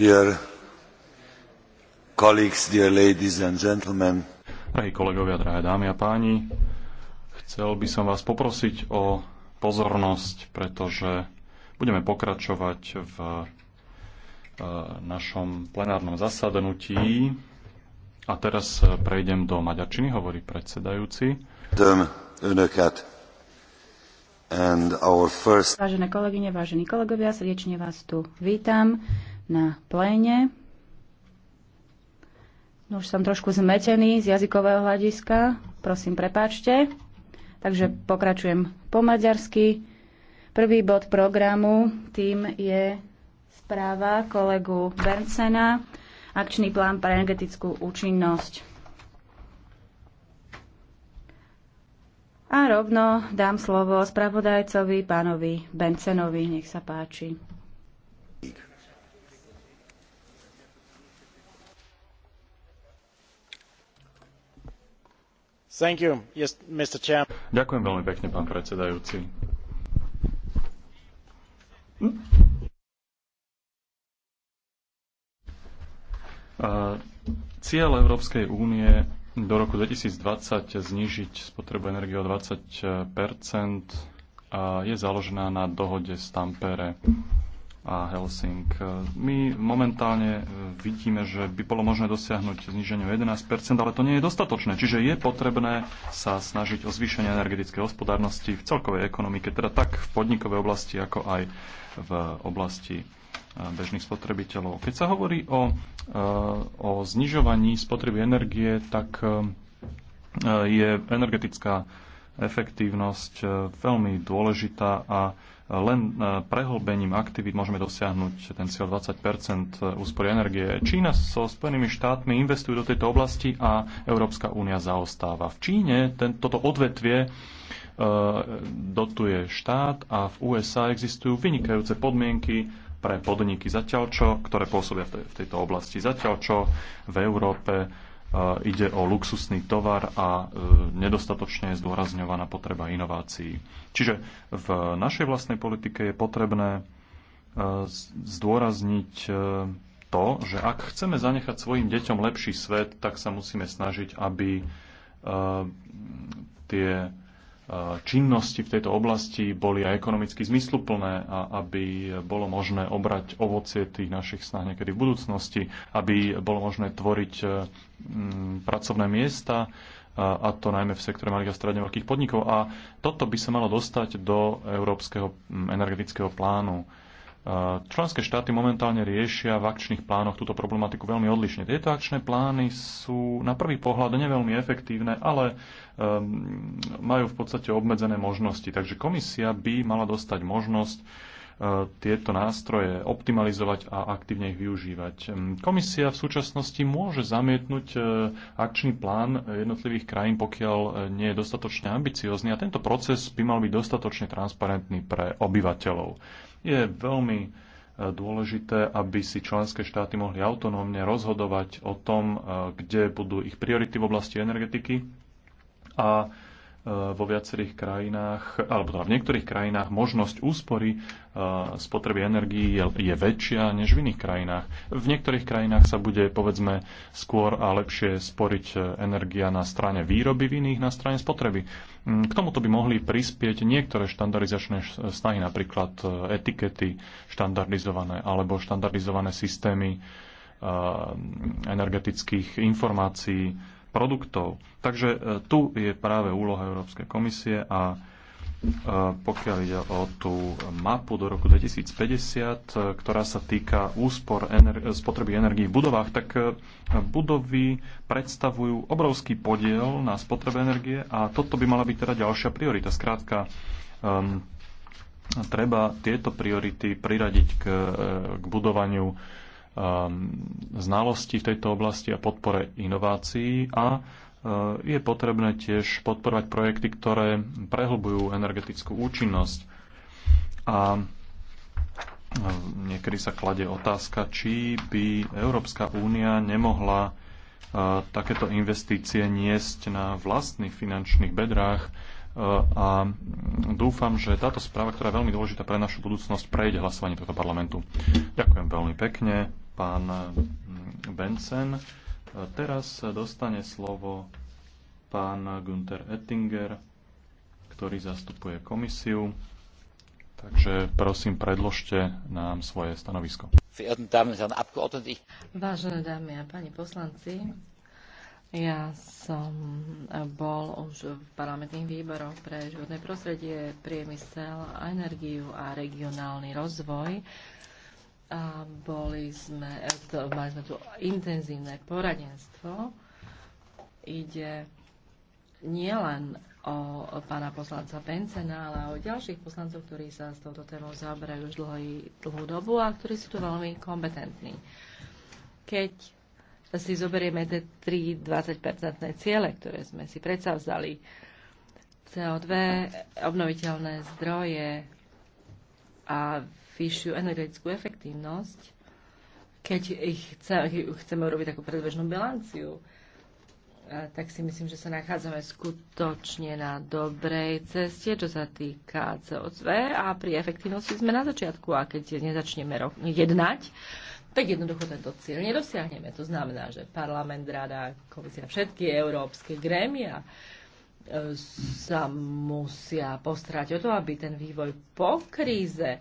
Drahí kolegovia, drahé dámy a páni, chcel by som vás poprosiť o pozornosť, pretože budeme pokračovať v eh, našom plenárnom zasadnutí. A teraz eh, prejdem do maďarčiny, hovorí predsedajúci. Vážené kolegyne, vážení kolegovia, srdečne vás tu vítam na pléne. No už som trošku zmetený z jazykového hľadiska, prosím prepáčte. Takže pokračujem po maďarsky. Prvý bod programu tým je správa kolegu Bernsena, akčný plán pre energetickú účinnosť. A rovno dám slovo spravodajcovi pánovi Bencenovi. Nech sa páči. Ďakujem veľmi pekne, pán predsedajúci. Cieľ Európskej únie do roku 2020 znižiť spotrebu energie o 20 je založená na dohode z Tampere a Helsing. My momentálne e, vidíme, že by bolo možné dosiahnuť zniženie o 11 ale to nie je dostatočné. Čiže je potrebné sa snažiť o zvýšenie energetickej hospodárnosti v celkovej ekonomike, teda tak v podnikovej oblasti, ako aj v oblasti e, bežných spotrebiteľov. Keď sa hovorí o, e, o znižovaní spotreby energie, tak je energetická efektívnosť veľmi dôležitá a len e, prehlbením aktivít môžeme dosiahnuť ten cieľ 20 úspory energie. Čína so Spojenými štátmi investujú do tejto oblasti a Európska únia zaostáva. V Číne ten, toto odvetvie e, dotuje štát a v USA existujú vynikajúce podmienky pre podniky, zatiaľ čo, ktoré pôsobia v tejto oblasti, zatiaľ čo v Európe ide o luxusný tovar a e, nedostatočne je zdôrazňovaná potreba inovácií. Čiže v našej vlastnej politike je potrebné e, zdôrazniť e, to, že ak chceme zanechať svojim deťom lepší svet, tak sa musíme snažiť, aby tie činnosti v tejto oblasti boli aj ekonomicky zmysluplné a aby bolo možné obrať ovocie tých našich snah niekedy v budúcnosti, aby bolo možné tvoriť e, pracovné miesta a to najmä v sektore malých a stredne veľkých podnikov. A toto by sa malo dostať do Európskeho energetického plánu Členské štáty momentálne riešia v akčných plánoch túto problematiku veľmi odlišne. Tieto akčné plány sú na prvý pohľad neveľmi efektívne, ale um, majú v podstate obmedzené možnosti. Takže komisia by mala dostať možnosť e, tieto nástroje optimalizovať a aktívne ich využívať. Ehm, komisia v súčasnosti môže zamietnúť e, akčný plán jednotlivých krajín, pokiaľ e, nie je dostatočne ambiciózny a tento proces by mal byť dostatočne transparentný pre obyvateľov. Je veľmi e, dôležité, aby si členské štáty mohli autonómne rozhodovať o tom, e, kde budú ich priority v oblasti energetiky a Eh, vo viacerých krajinách, alebo teda v niektorých krajinách možnosť úspory eh, spotreby energií je, je väčšia než v iných krajinách. V niektorých krajinách sa bude, povedzme, skôr a lepšie sporiť eh, energia na strane výroby, v iných na strane spotreby. Mm, k tomuto by mohli prispieť niektoré štandardizačné snahy, napríklad etikety štandardizované alebo štandardizované systémy energetických informácií, produktov. Takže e, tu je práve úloha Európskej komisie a e, pokiaľ ide o tú mapu do roku 2050, e, ktorá sa týka úspor ener- spotreby energii v budovách, tak budovy predstavujú obrovský podiel na spotrebe energie a toto by mala byť teda ďalšia priorita. Skrátka, um, treba tieto priority priradiť k, k budovaniu Um, znalosti v tejto oblasti a podpore inovácií a uh, je potrebné tiež podporovať projekty, ktoré prehlbujú energetickú účinnosť. A uh, niekedy sa kladie otázka, či by Európska únia nemohla uh, takéto investície niesť na vlastných finančných bedrách, E, a dúfam, že táto správa, ktorá je veľmi dôležitá pre našu budúcnosť, prejde hlasovanie tohto parlamentu. Ďakujem veľmi pekne, pán mm, Bensen. E, teraz dostane slovo pán Gunther Ettinger, ktorý zastupuje komisiu. Takže prosím, predložte nám svoje stanovisko. Vážené dámy a páni poslanci, ja som bol už v parlamentných výboroch pre životné prostredie, priemysel a energiu a regionálny rozvoj. A boli sme, mali sme tu intenzívne poradenstvo. Ide nielen o pána poslanca Pencena, ale o ďalších poslancov, ktorí sa s touto témou zaoberajú už dlhý, dlhú dobu a ktorí sú tu veľmi kompetentní. Keď si zoberieme tie 3 20-percentné ciele, ktoré sme si vzali. CO2, obnoviteľné zdroje a vyššiu energetickú efektívnosť, keď ich chceme urobiť takú predbežnú bilanciu, eh, tak si myslím, že sa nachádzame skutočne na dobrej ceste, čo sa týka CO2 a pri efektívnosti sme na začiatku a keď nezačneme jednať, tak jednoducho tento cieľ nedosiahneme. To znamená, že parlament, rada, komisia, všetky európske grémia e, sa musia postarať o to, aby ten vývoj po kríze e,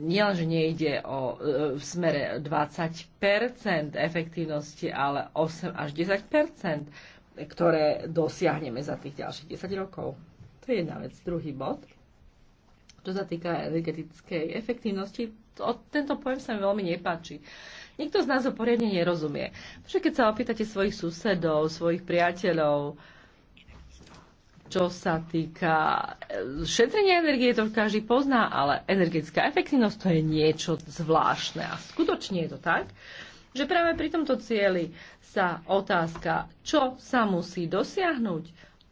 nielenže nejde o e, v smere 20 efektívnosti, ale 8 až 10 ktoré dosiahneme za tých ďalších 10 rokov. To je jedna vec. Druhý bod. Čo sa týka energetickej efektívnosti, to, tento pojem sa mi veľmi nepáči. Nikto z nás ho poriadne nerozumie. Takže keď sa opýtate svojich susedov, svojich priateľov, čo sa týka e, šetrenia energie, to každý pozná, ale energetická efektivnosť to je niečo zvláštne. A skutočne je to tak, že práve pri tomto cieli sa otázka, čo sa musí dosiahnuť,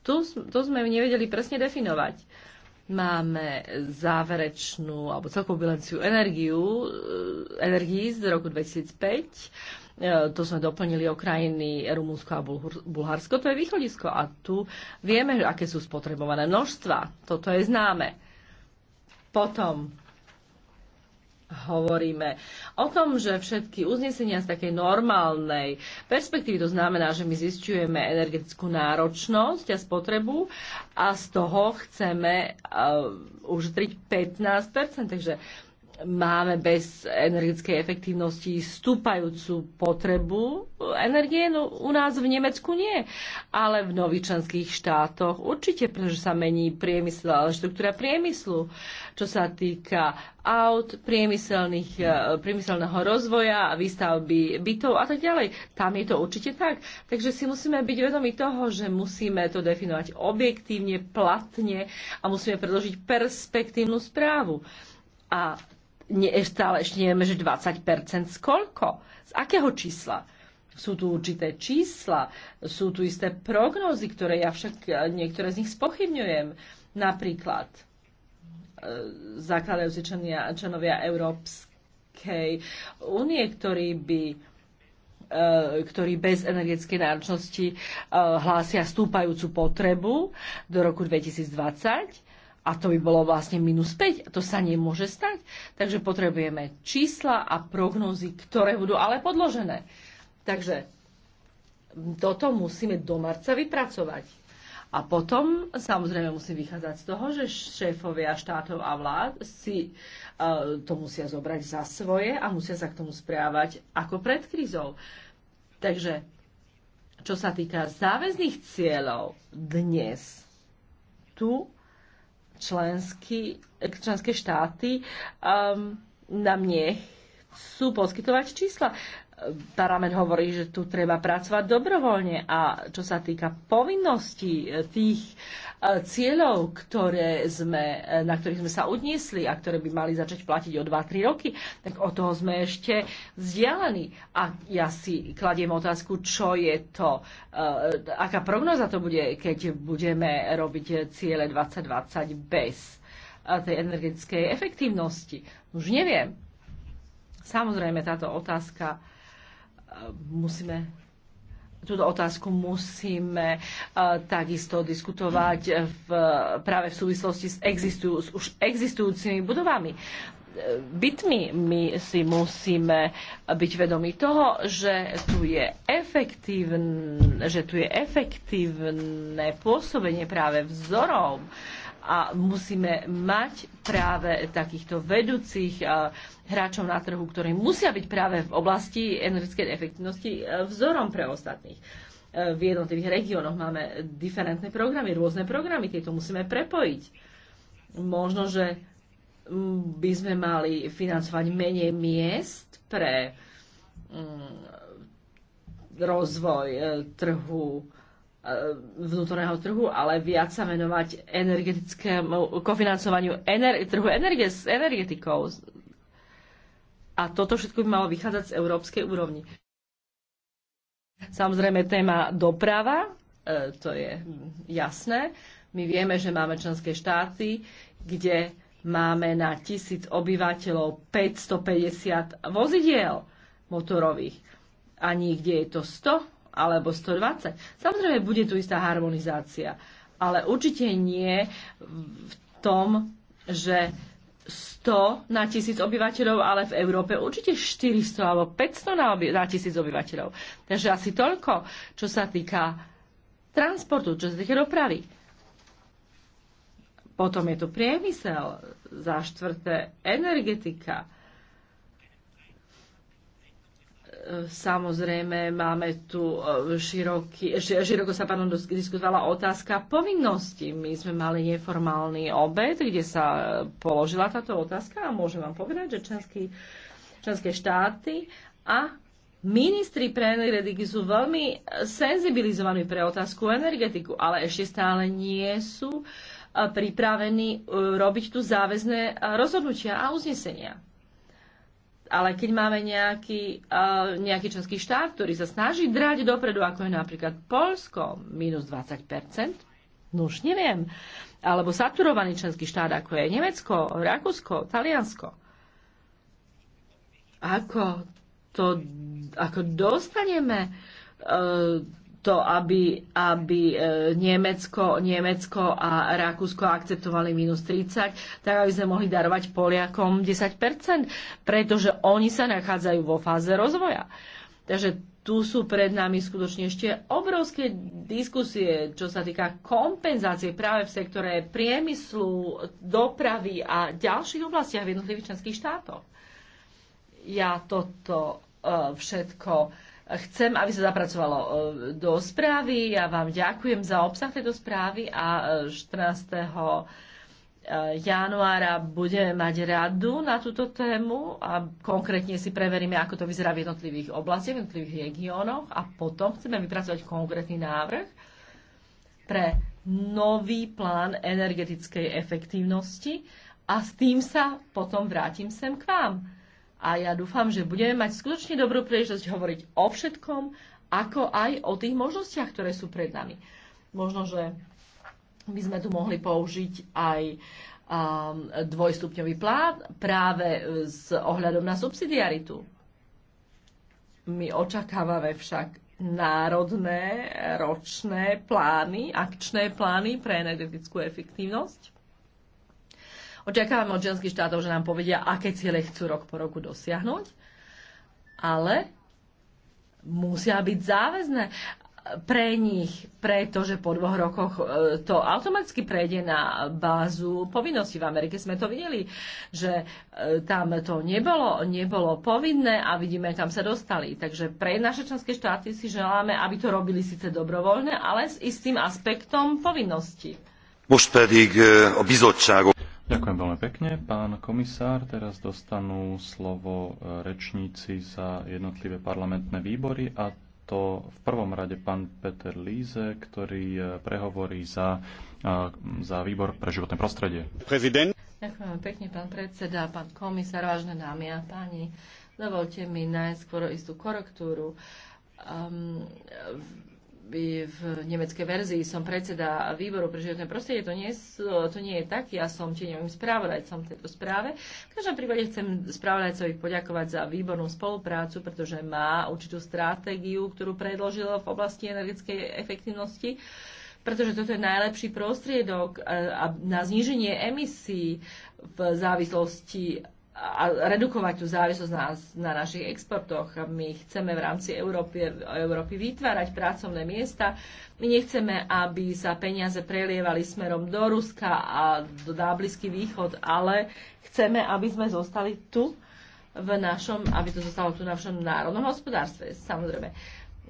to, to sme nevedeli presne definovať máme záverečnú alebo celkovú bilanciu energiu, eh, energii z roku 2005. Eh, to sme doplnili o krajiny Rumunsko a Bulharsko. To je východisko a tu vieme, aké sú spotrebované množstva. Toto je známe. Potom hovoríme o tom, že všetky uznesenia z takej normálnej perspektívy, to znamená, že my zistujeme energetickú náročnosť a spotrebu a z toho chceme uh, ušetriť 15%. Takže uh, máme bez energetickej efektívnosti stúpajúcu potrebu energie, no u nás v Nemecku nie, ale v nových členských štátoch určite, pretože sa mení priemysel, ale štruktúra priemyslu, čo sa týka aut, priemyselných, e, priemyselného rozvoja, výstavby bytov a tak ďalej. Tam je to určite tak. Takže si musíme byť vedomi toho, že musíme to definovať objektívne, platne a musíme predložiť perspektívnu správu. A nie, stále ešte nevieme, že 20% z koľko? Z akého čísla? Sú tu určité čísla, sú tu isté prognózy, ktoré ja však e, niektoré z nich spochybňujem. Napríklad e, zakladajúci členia, členovia Európskej únie, ktorí by e, ktorí bez energetickej náročnosti hlásia stúpajúcu potrebu do roku 2020 a to by bolo vlastne minus 5. To sa nemôže stať. Takže potrebujeme čísla a prognózy, ktoré budú ale podložené. Takže toto musíme do marca vypracovať. A potom samozrejme musí vychádzať z toho, že šéfovia štátov a vlád si uh, to musia zobrať za svoje a musia sa k tomu správať ako pred krízou. Takže čo sa týka záväzných cieľov dnes, tu členský, členské štáty um, nám nechcú poskytovať čísla parlament hovorí, že tu treba pracovať dobrovoľne a čo sa týka povinností e, tých e, cieľov, ktoré sme, e, na ktorých sme sa odniesli a ktoré by mali začať platiť o 2-3 roky, tak od toho sme ešte vzdialení. A ja si kladiem otázku, čo je to, aká prognoza to bude, keď budeme robiť ciele 2020 bez tej energetickej efektívnosti. Už neviem. Samozrejme, táto otázka musíme túto otázku musíme eh, takisto diskutovať v, práve v súvislosti s, existujú, s už existujúcimi budovami eh, bytmi my si musíme byť vedomi toho, že tu je, že tu je efektívne pôsobenie práve vzorom a musíme mať práve takýchto vedúcich eh, hráčov na trhu, ktorí musia byť práve v oblasti energetickej efektivnosti e, vzorom pre ostatných. E, v jednotlivých regiónoch máme diferentné programy, rôzne programy, tieto musíme prepojiť. Možno, že by sme mali financovať menej miest pre mm, rozvoj e, trhu vnútorného trhu, ale viac sa venovať energetickému kofinancovaniu ener- trhu energie s energetikou, a toto všetko by malo vychádzať z európskej úrovni. Samozrejme, téma doprava, e, to je jasné. My vieme, že máme členské štáty, kde máme na tisíc obyvateľov 550 vozidiel motorových. A niekde je to 100 alebo 120. Samozrejme, bude tu istá harmonizácia, ale určite nie v tom, že 100 na tisíc obyvateľov, ale v Európe určite 400 alebo 500 na, oby, na tisíc obyvateľov. Takže asi toľko, čo sa týka transportu, čo sa týka dopravy. Potom je tu priemysel, za štvrté energetika, Samozrejme, máme tu e, široký, široko sa pánom diskutovala otázka povinnosti. My sme mali neformálny obed, kde sa položila táto otázka a môžem vám povedať, že členský, členské štáty a Ministri pre energetiky sú veľmi senzibilizovaní pre otázku energetiku, ale ešte stále nie sú e, pripravení e, robiť tu záväzné rozhodnutia a uznesenia ale keď máme nejaký, uh, nejaký členský štát, ktorý sa snaží drať dopredu, ako je napríklad Polsko, minus 20%, no už neviem, alebo saturovaný členský štát, ako je Nemecko, Rakúsko, Taliansko. Ako to, ako dostaneme uh, to, aby, aby e, Nemecko, Nemecko a Rakúsko akceptovali minus 30, tak aby sme mohli darovať Poliakom 10%, pretože oni sa nachádzajú vo fáze rozvoja. Takže tu sú pred nami skutočne ešte obrovské diskusie, čo sa týka kompenzácie práve v sektore priemyslu, dopravy a ďalších oblastiach v jednotlivých členských štátoch. Ja toto e, všetko Chcem, aby sa zapracovalo e, do správy. Ja vám ďakujem za obsah tejto správy a 14. E, e, januára budeme mať radu na túto tému a konkrétne si preveríme, ako to vyzerá v jednotlivých oblastiach, v jednotlivých regiónoch a potom chceme vypracovať konkrétny návrh pre nový plán energetickej efektívnosti a s tým sa potom vrátim sem k vám a ja dúfam, že budeme mať skutočne dobrú príležitosť hovoriť o všetkom, ako aj o tých možnostiach, ktoré sú pred nami. Možno, že by sme tu mohli použiť aj um, dvojstupňový plán práve e, s ohľadom na subsidiaritu. My očakávame však národné ročné plány, akčné plány pre energetickú efektívnosť Očakávame od členských štátov, že nám povedia, aké ciele chcú rok po roku dosiahnuť, ale musia byť záväzné pre nich, pretože po dvoch rokoch e, to automaticky prejde na bázu povinností. V Amerike sme to videli, že e, tam to nebolo, nebolo povinné a vidíme, kam sa dostali. Takže pre naše členské štáty si želáme, aby to robili síce dobrovoľné, ale s istým aspektom povinnosti. Most pedig e, a bizottságot. Ďakujem veľmi pekne. Pán komisár, teraz dostanú slovo e, rečníci za jednotlivé parlamentné výbory a to v prvom rade pán Peter Líze, ktorý e, prehovorí za, e, za výbor pre životné prostredie. Prezident. Ďakujem pekne, pán predseda, pán komisár, vážne dámy a páni. Dovolte mi najskôr istú korektúru. Um, v nemeckej verzii som predseda výboru pre životné prostredie. To nie, to nie je tak. Ja som tieňovým správodajcom v tejto správe. V každom prípade chcem správodajcovi poďakovať za výbornú spoluprácu, pretože má určitú stratégiu, ktorú predložil v oblasti energetickej efektivnosti pretože toto je najlepší prostriedok e, na zníženie emisí v závislosti a redukovať tú závislosť na, na našich exportoch. My chceme v rámci Európy, Európy vytvárať pracovné miesta. My nechceme, aby sa peniaze prelievali smerom do Ruska a do Dáblisky východ, ale chceme, aby sme zostali tu v našom, aby to zostalo tu na našom národnom hospodárstve. Samozrejme,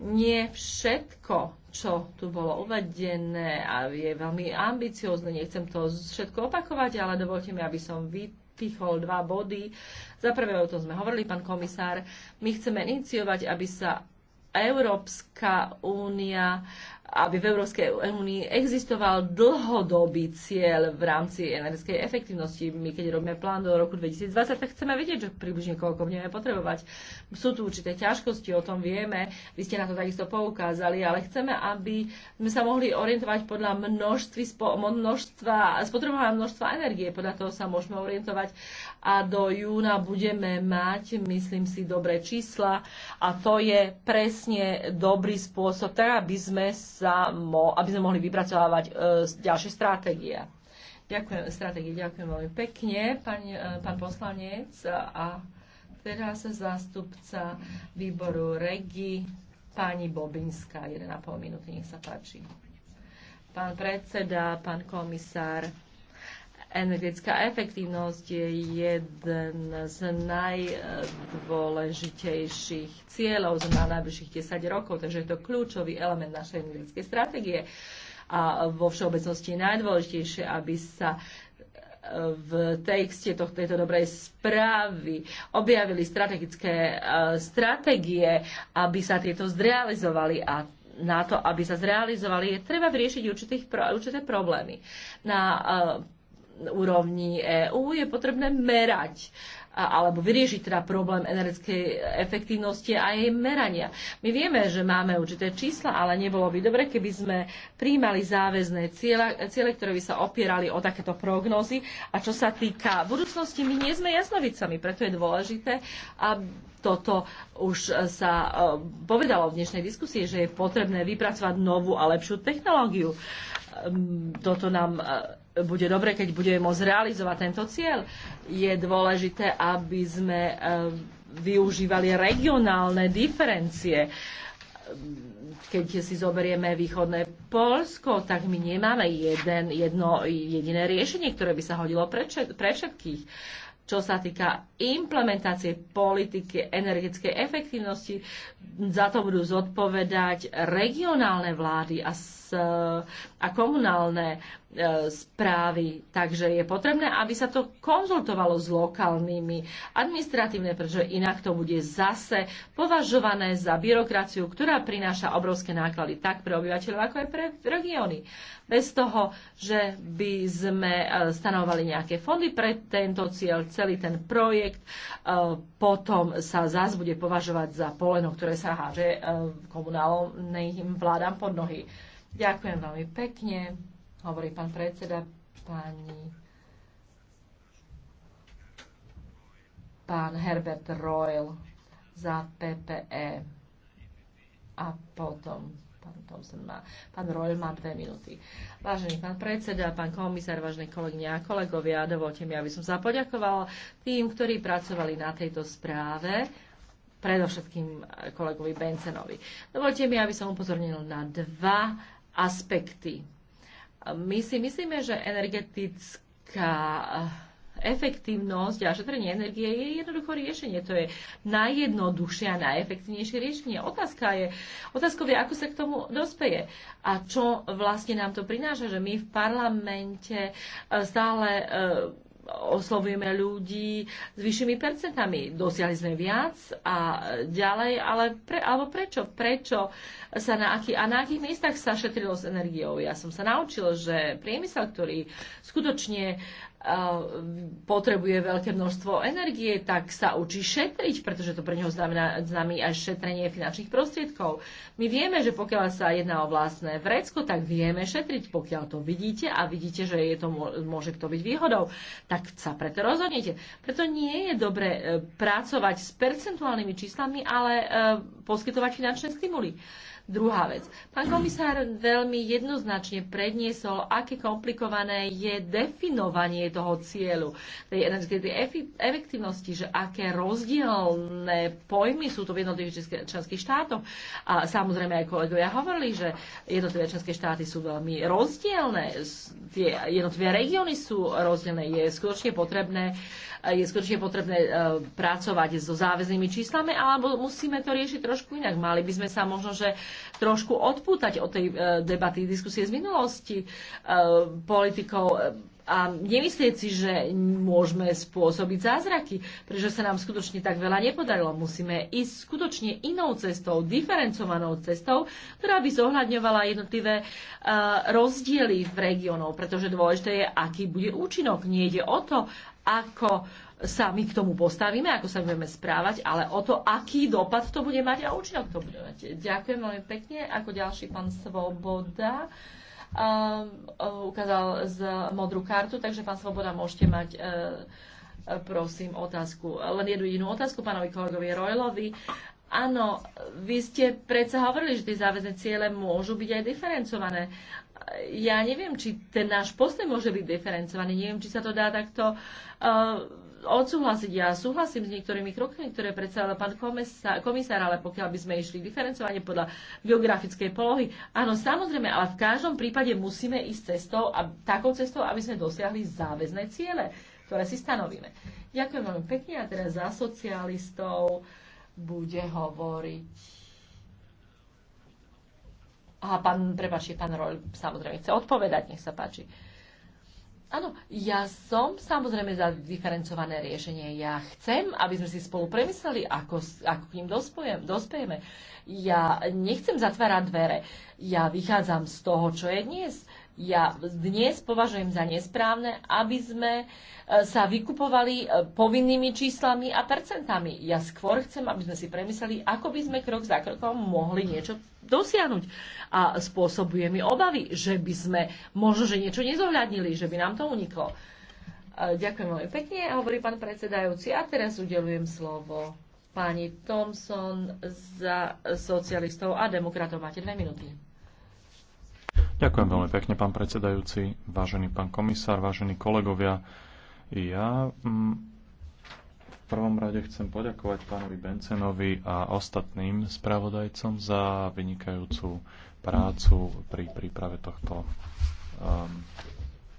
nie všetko, čo tu bolo uvedené a je veľmi ambiciózne, nechcem to všetko opakovať, ale dovolte mi, aby som vytvoril vypichol dva body. Za prvé, o tom sme hovorili, pán komisár, my chceme iniciovať, aby sa Európska únia aby v Európskej únii existoval dlhodobý cieľ v rámci energetickej efektivnosti. My keď robíme plán do roku 2020, tak chceme vedieť, že približne koľko budeme potrebovať. Sú tu určité ťažkosti, o tom vieme, vy ste na to takisto poukázali, ale chceme, aby sme sa mohli orientovať podľa množstva, množstva spotrebovaného množstva energie. Podľa toho sa môžeme orientovať a do júna budeme mať, myslím si, dobré čísla a to je presne dobrý spôsob, tak aby sme, sa mo- aby sme mohli vypracovávať e, ďalšie stratégie. Ďakujem, stratégie, ďakujem veľmi pekne, pán, e, pán poslanec a teraz zástupca výboru REGI, pani Bobinská, 1,5 minúty, nech sa páči. Pán predseda, pán komisár, Energetická efektívnosť je jeden z najdôležitejších cieľov na najbližších 10 rokov, takže je to kľúčový element našej energetickej stratégie a vo všeobecnosti najdôležitejšie, aby sa eh, v texte tohto, tejto dobrej správy objavili strategické uh, stratégie, aby sa tieto zrealizovali a na to, aby sa zrealizovali, je treba riešiť určitých, určité problémy. Na uh, úrovni EÚ, je potrebné merať alebo vyriešiť teda problém energetickej efektívnosti a jej merania. My vieme, že máme určité čísla, ale nebolo by dobre, keby sme príjmali záväzné ciele, ktoré by sa opierali o takéto prognozy. A čo sa týka budúcnosti, my nie sme jasnovicami, preto je dôležité, a toto už sa e, povedalo v dnešnej diskusii, že je potrebné vypracovať novú a lepšiu technológiu. Ehm, toto nám e, bude dobre, keď budeme môcť realizovať tento cieľ. Je dôležité, aby sme e, využívali regionálne diferencie. Keď si zoberieme východné Polsko, tak my nemáme jeden, jedno jediné riešenie, ktoré by sa hodilo pre, pre všetkých. Čo sa týka implementácie politiky energetickej efektívnosti, za to budú zodpovedať regionálne vlády a E, a komunálne e, správy. Takže je potrebné, aby sa to konzultovalo s lokálnymi administratívne, pretože inak to bude zase považované za byrokraciu, ktorá prináša obrovské náklady tak pre obyvateľov, ako aj pre regióny. Bez toho, že by sme e, stanovali nejaké fondy pre tento cieľ, celý ten projekt, potom sa zás bude považovať za poleno, ktoré sa háže komunálnym vládam pod nohy. Ďakujem veľmi pekne, hovorí pán predseda, pani pán Herbert Royal za PPE a potom pán Thompson má, pán Royal má dve minúty. Vážený pán predseda, pán komisár, vážení kolegyne a kolegovia, dovolte mi, aby som sa poďakovala tým, ktorí pracovali na tejto správe, predovšetkým kolegovi Bencenovi. Dovolte mi, aby som upozornil na dva aspekty. My si myslíme, že energetická eh, efektívnosť a šetrenie energie je jednoducho riešenie. To je najjednoduchšie a najefektívnejšie riešenie. Otázka je, otázkou je, ako sa k tomu dospeje a čo vlastne nám to prináša, že my v parlamente eh, stále eh, oslovujeme ľudí s vyššími percentami. Dosiahli sme viac a ďalej, ale pre, alebo prečo? Prečo sa na aký, a na akých miestach sa šetrilo s energiou? Ja som sa naučil, že priemysel, ktorý skutočne uh, E, potrebuje veľké množstvo energie, tak sa učí šetriť, pretože to pre neho znamená, znamená aj šetrenie finančných prostriedkov. My vieme, že pokiaľ sa jedná o vlastné vrecko, tak vieme šetriť. Pokiaľ to vidíte a vidíte, že je to, môže to byť výhodou, tak sa preto rozhodnete. Preto nie je dobre e, pracovať s percentuálnymi číslami, ale e, poskytovať finančné stimuly. Druhá vec. Pán komisár veľmi jednoznačne predniesol, aké komplikované je definovanie dosiahnutie toho cieľu, tej energetickej efektivnosti, že aké rozdielne pojmy sú to v jednotlivých členských štátoch. A samozrejme aj kolegovia hovorili, že jednotlivé členské štáty sú veľmi rozdielne, tie jednotlivé regióny sú rozdielne. Je skutočne potrebné, je skutočne potrebné e, pracovať so záväznými číslami, alebo musíme to riešiť trošku inak. Mali by sme sa možno, že trošku odpútať od tej e, debaty, diskusie z minulosti e, politikov a nemyslieť si, že môžeme spôsobiť zázraky, pretože sa nám skutočne tak veľa nepodarilo. Musíme ísť skutočne inou cestou, diferencovanou cestou, ktorá by zohľadňovala jednotlivé uh, rozdiely v regiónoch. pretože dôležité je, aký bude účinok. Nie ide o to, ako sa my k tomu postavíme, ako sa budeme správať, ale o to, aký dopad to bude mať a účinok to bude mať. Ďakujem veľmi pekne. Ako ďalší pán Svoboda. Uh, Ehm, e, ukázal z modrú kartu, takže pán Svoboda, môžete mať e, e, prosím otázku, len jednu jedinú otázku pánovi kolegovi Rojlovi. Áno, vy ste predsa hovorili, že tie záväzne ciele môžu byť aj diferencované. Ja neviem, či ten náš postoj môže byť diferencovaný, neviem, či sa to dá takto uh, odsúhlasiť. Ja súhlasím s niektorými krokmi, ktoré predstavila pán komisár, ale pokiaľ by sme išli diferencovanie podľa geografickej polohy, áno, samozrejme, ale v každom prípade musíme ísť cestou, a, takou cestou, aby sme dosiahli záväzné ciele, ktoré si stanovíme. Ďakujem veľmi pekne a teraz za socialistov bude hovoriť Aha, pán, prepáčte, pán Roľ samozrejme chce odpovedať, nech sa páči. Uh, Áno, ja som samozrejme za diferencované riešenie. Ja chcem, aby sme si spolu premysleli, ako, ako k ním dospejeme. Ja nechcem zatvárať dvere. Ja vychádzam z toho, čo je dnes. Ja dnes považujem za nesprávne, aby sme e, sa vykupovali e, povinnými číslami a percentami. Ja skôr chcem, aby sme si premysleli, ako by sme krok za krokom mohli niečo dosiahnuť. A spôsobuje mi obavy, že by sme možno, že niečo nezohľadnili, že by nám to uniklo. E, ďakujem veľmi pekne, hovorí pán predsedajúci. A teraz udelujem slovo pani Thompson za socialistov a demokratov. Máte dve minúty. Ďakujem veľmi pekne, pán predsedajúci, vážený pán komisár, vážení kolegovia. Ja mm, v prvom rade chcem poďakovať pánovi Bencenovi a ostatným spravodajcom za vynikajúcu prácu pri príprave tohto, um,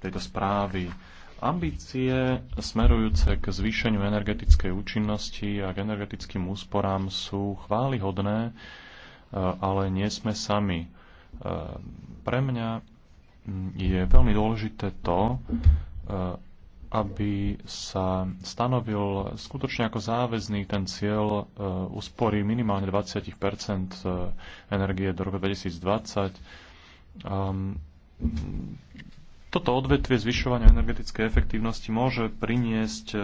tejto správy. Ambície smerujúce k zvýšeniu energetickej účinnosti a k energetickým úsporám sú chválihodné, e, ale nie sme sami Ehm, pre mňa je veľmi dôležité to, ehm, aby sa stanovil skutočne ako záväzný ten cieľ ehm, úspory minimálne 20 energie do roku 2020. Toto odvetvie zvyšovania energetickej efektívnosti môže priniesť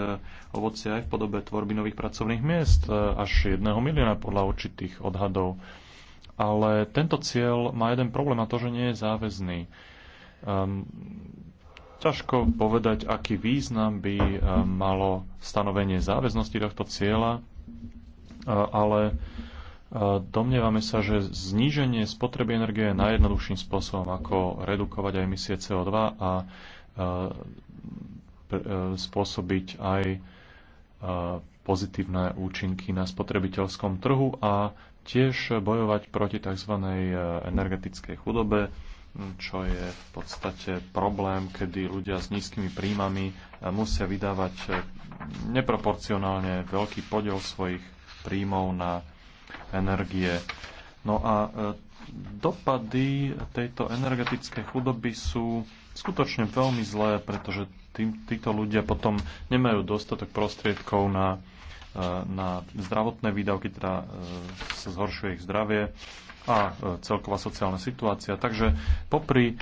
ovoci aj v podobe tvorby nových pracovných miest až 1 milióna podľa určitých odhadov ale tento cieľ má jeden problém a to, že nie je záväzný. Um, ťažko povedať, aký význam by um, malo stanovenie záväznosti tohto cieľa, uh, ale uh, domnievame sa, že zníženie spotreby energie je najjednoduchším spôsobom, ako redukovať aj emisie CO2 a uh, spôsobiť aj pozitívne účinky na spotrebiteľskom trhu a tiež bojovať proti tzv. energetickej chudobe, čo je v podstate problém, kedy ľudia s nízkymi príjmami musia vydávať neproporcionálne veľký podiel svojich príjmov na energie. No a e, dopady tejto energetickej chudoby sú skutočne veľmi zlé, pretože tí, títo ľudia potom nemajú dostatok prostriedkov na E, na zdravotné výdavky, teda e, sa zhoršuje ich zdravie a e, celková sociálna situácia. Takže popri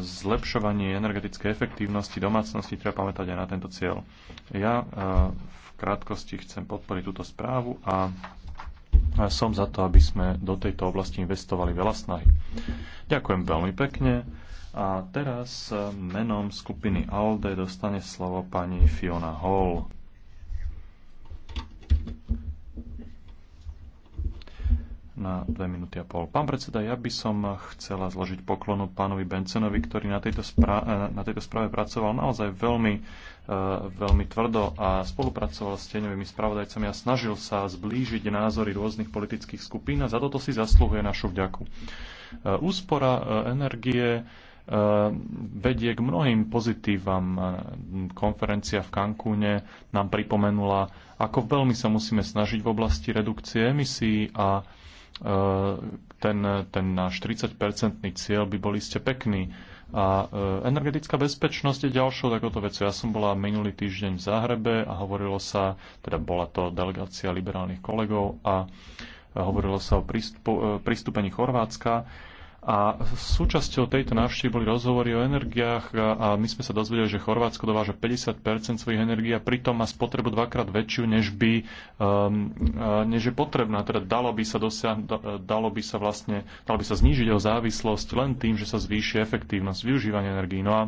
zlepšovaní energetickej efektívnosti domácnosti treba pamätať aj na tento cieľ. Ja v krátkosti chcem podporiť túto správu a som za to, aby sme do tejto oblasti investovali veľa snahy. Ďakujem veľmi pekne. A teraz menom skupiny ALDE dostane slovo pani Fiona Hall na dve minúty a pol. Pán predseda, ja by som chcela zložiť poklonu pánovi Bencenovi, ktorý na tejto, spra- e, na tejto správe pracoval naozaj veľmi, e, veľmi tvrdo a spolupracoval s tieňovými spravodajcami a snažil sa zblížiť názory rôznych politických skupín a za toto si zaslúhuje našu vďaku. E, úspora energie Eh, vedie k mnohým pozitívam. Konferencia v Cancúne nám pripomenula, ako veľmi sa musíme snažiť v oblasti redukcie emisí a eh, ten, ten náš 30-percentný cieľ by boli ste pekný. A eh, energetická bezpečnosť je ďalšou takouto vecou. Ja som bola minulý týždeň v Záhrebe a hovorilo sa, teda bola to delegácia liberálnych kolegov a hovorilo sa o prístupení Chorvátska a súčasťou tejto návštevy boli rozhovory o energiách a my sme sa dozvedeli, že Chorvátsko dováža 50 svojich energií a pritom má spotrebu dvakrát väčšiu, než, by, um, než je potrebná. Teda dalo by sa, da, dalo by sa vlastne, dalo by sa znížiť o závislosť len tým, že sa zvýši efektívnosť využívania energií. No a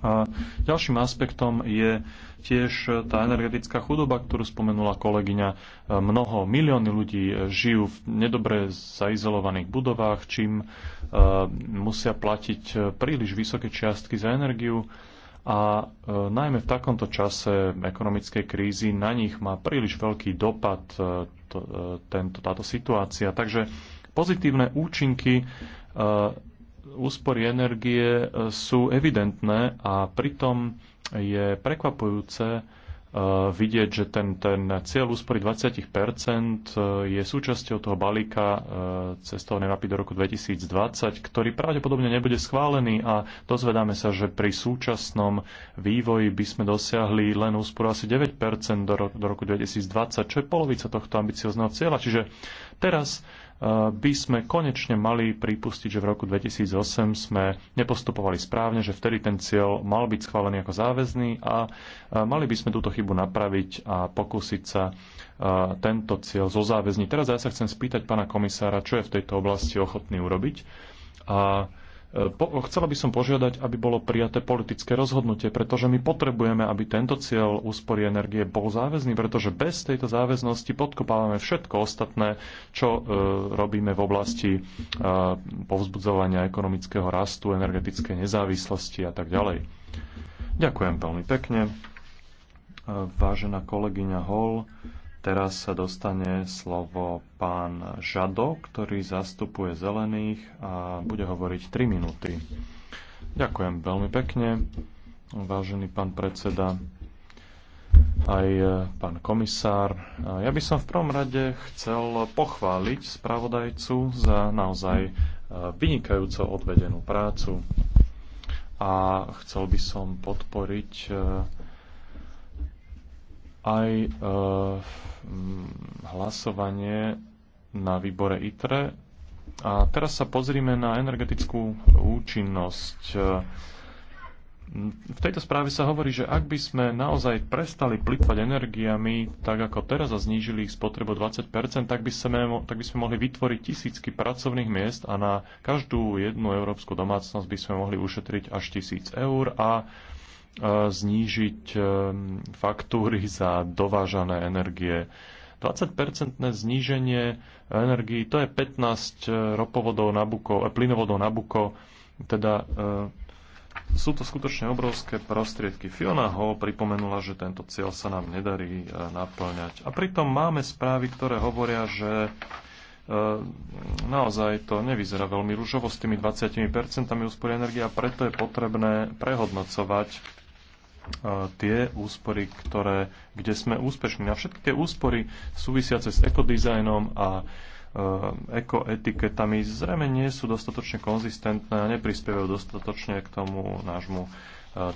a ďalším aspektom je tiež tá energetická chudoba, ktorú spomenula kolegyňa. Mnoho milióny ľudí žijú v nedobre zaizolovaných budovách, čím e, musia platiť príliš vysoké čiastky za energiu a e, najmä v takomto čase ekonomickej krízy na nich má príliš veľký dopad e, tento, táto situácia. Takže pozitívne účinky úspory energie e, sú evidentné a pritom je prekvapujúce e, vidieť, že ten, ten cieľ úspory 20% e, je súčasťou toho balíka cestovnej mapy do roku 2020, ktorý pravdepodobne nebude schválený a dozvedáme sa, že pri súčasnom vývoji by sme dosiahli len úsporu asi 9% do, roku, do roku 2020, čo je polovica tohto ambiciozného cieľa. Čiže teraz by sme konečne mali pripustiť, že v roku 2008 sme nepostupovali správne, že vtedy ten cieľ mal byť schválený ako záväzný a mali by sme túto chybu napraviť a pokúsiť sa tento cieľ zozáväzniť. Teraz ja sa chcem spýtať pána komisára, čo je v tejto oblasti ochotný urobiť. A E, chcela by som požiadať, aby bolo prijaté politické rozhodnutie, pretože my potrebujeme, aby tento cieľ úspory energie bol záväzný, pretože bez tejto záväznosti podkopávame všetko ostatné, čo e, robíme v oblasti e, povzbudzovania ekonomického rastu, energetickej nezávislosti a tak ďalej. Ďakujem veľmi pekne. Vážená kolegyňa Hall, Teraz sa dostane slovo pán Žado, ktorý zastupuje zelených a bude hovoriť 3 minúty. Ďakujem veľmi pekne, vážený pán predseda, aj e, pán komisár. Ja by som v prvom rade chcel pochváliť spravodajcu za naozaj e, vynikajúco odvedenú prácu a chcel by som podporiť e, aj e, mm, hlasovanie na výbore ITRE. A teraz sa pozrime na energetickú účinnosť. E, v tejto správe sa hovorí, že ak by sme naozaj prestali plitvať energiami, tak ako teraz a znížili ich spotrebu 20%, tak by, sme, tak by sme mohli vytvoriť tisícky pracovných miest a na každú jednu európsku domácnosť by sme mohli ušetriť až tisíc eur a znížiť e, faktúry za dovážané energie. 20-percentné zníženie energií, to je 15 e, ropovodov Nabuko, e, plynovodov buko, teda sú to skutočne obrovské prostriedky. Fiona Ho pripomenula, že tento cieľ sa nám nedarí naplňať. A pritom máme správy, ktoré hovoria, že naozaj to nevyzerá veľmi rúžovo s tými 20% úspory energie a preto je potrebné prehodnocovať Eh, tie úspory, ktoré, kde sme úspešní. A všetky tie úspory súvisiace s ekodizajnom a eh, ekoetiketami zrejme nie sú dostatočne konzistentné a neprispievajú dostatočne k tomu nášmu E,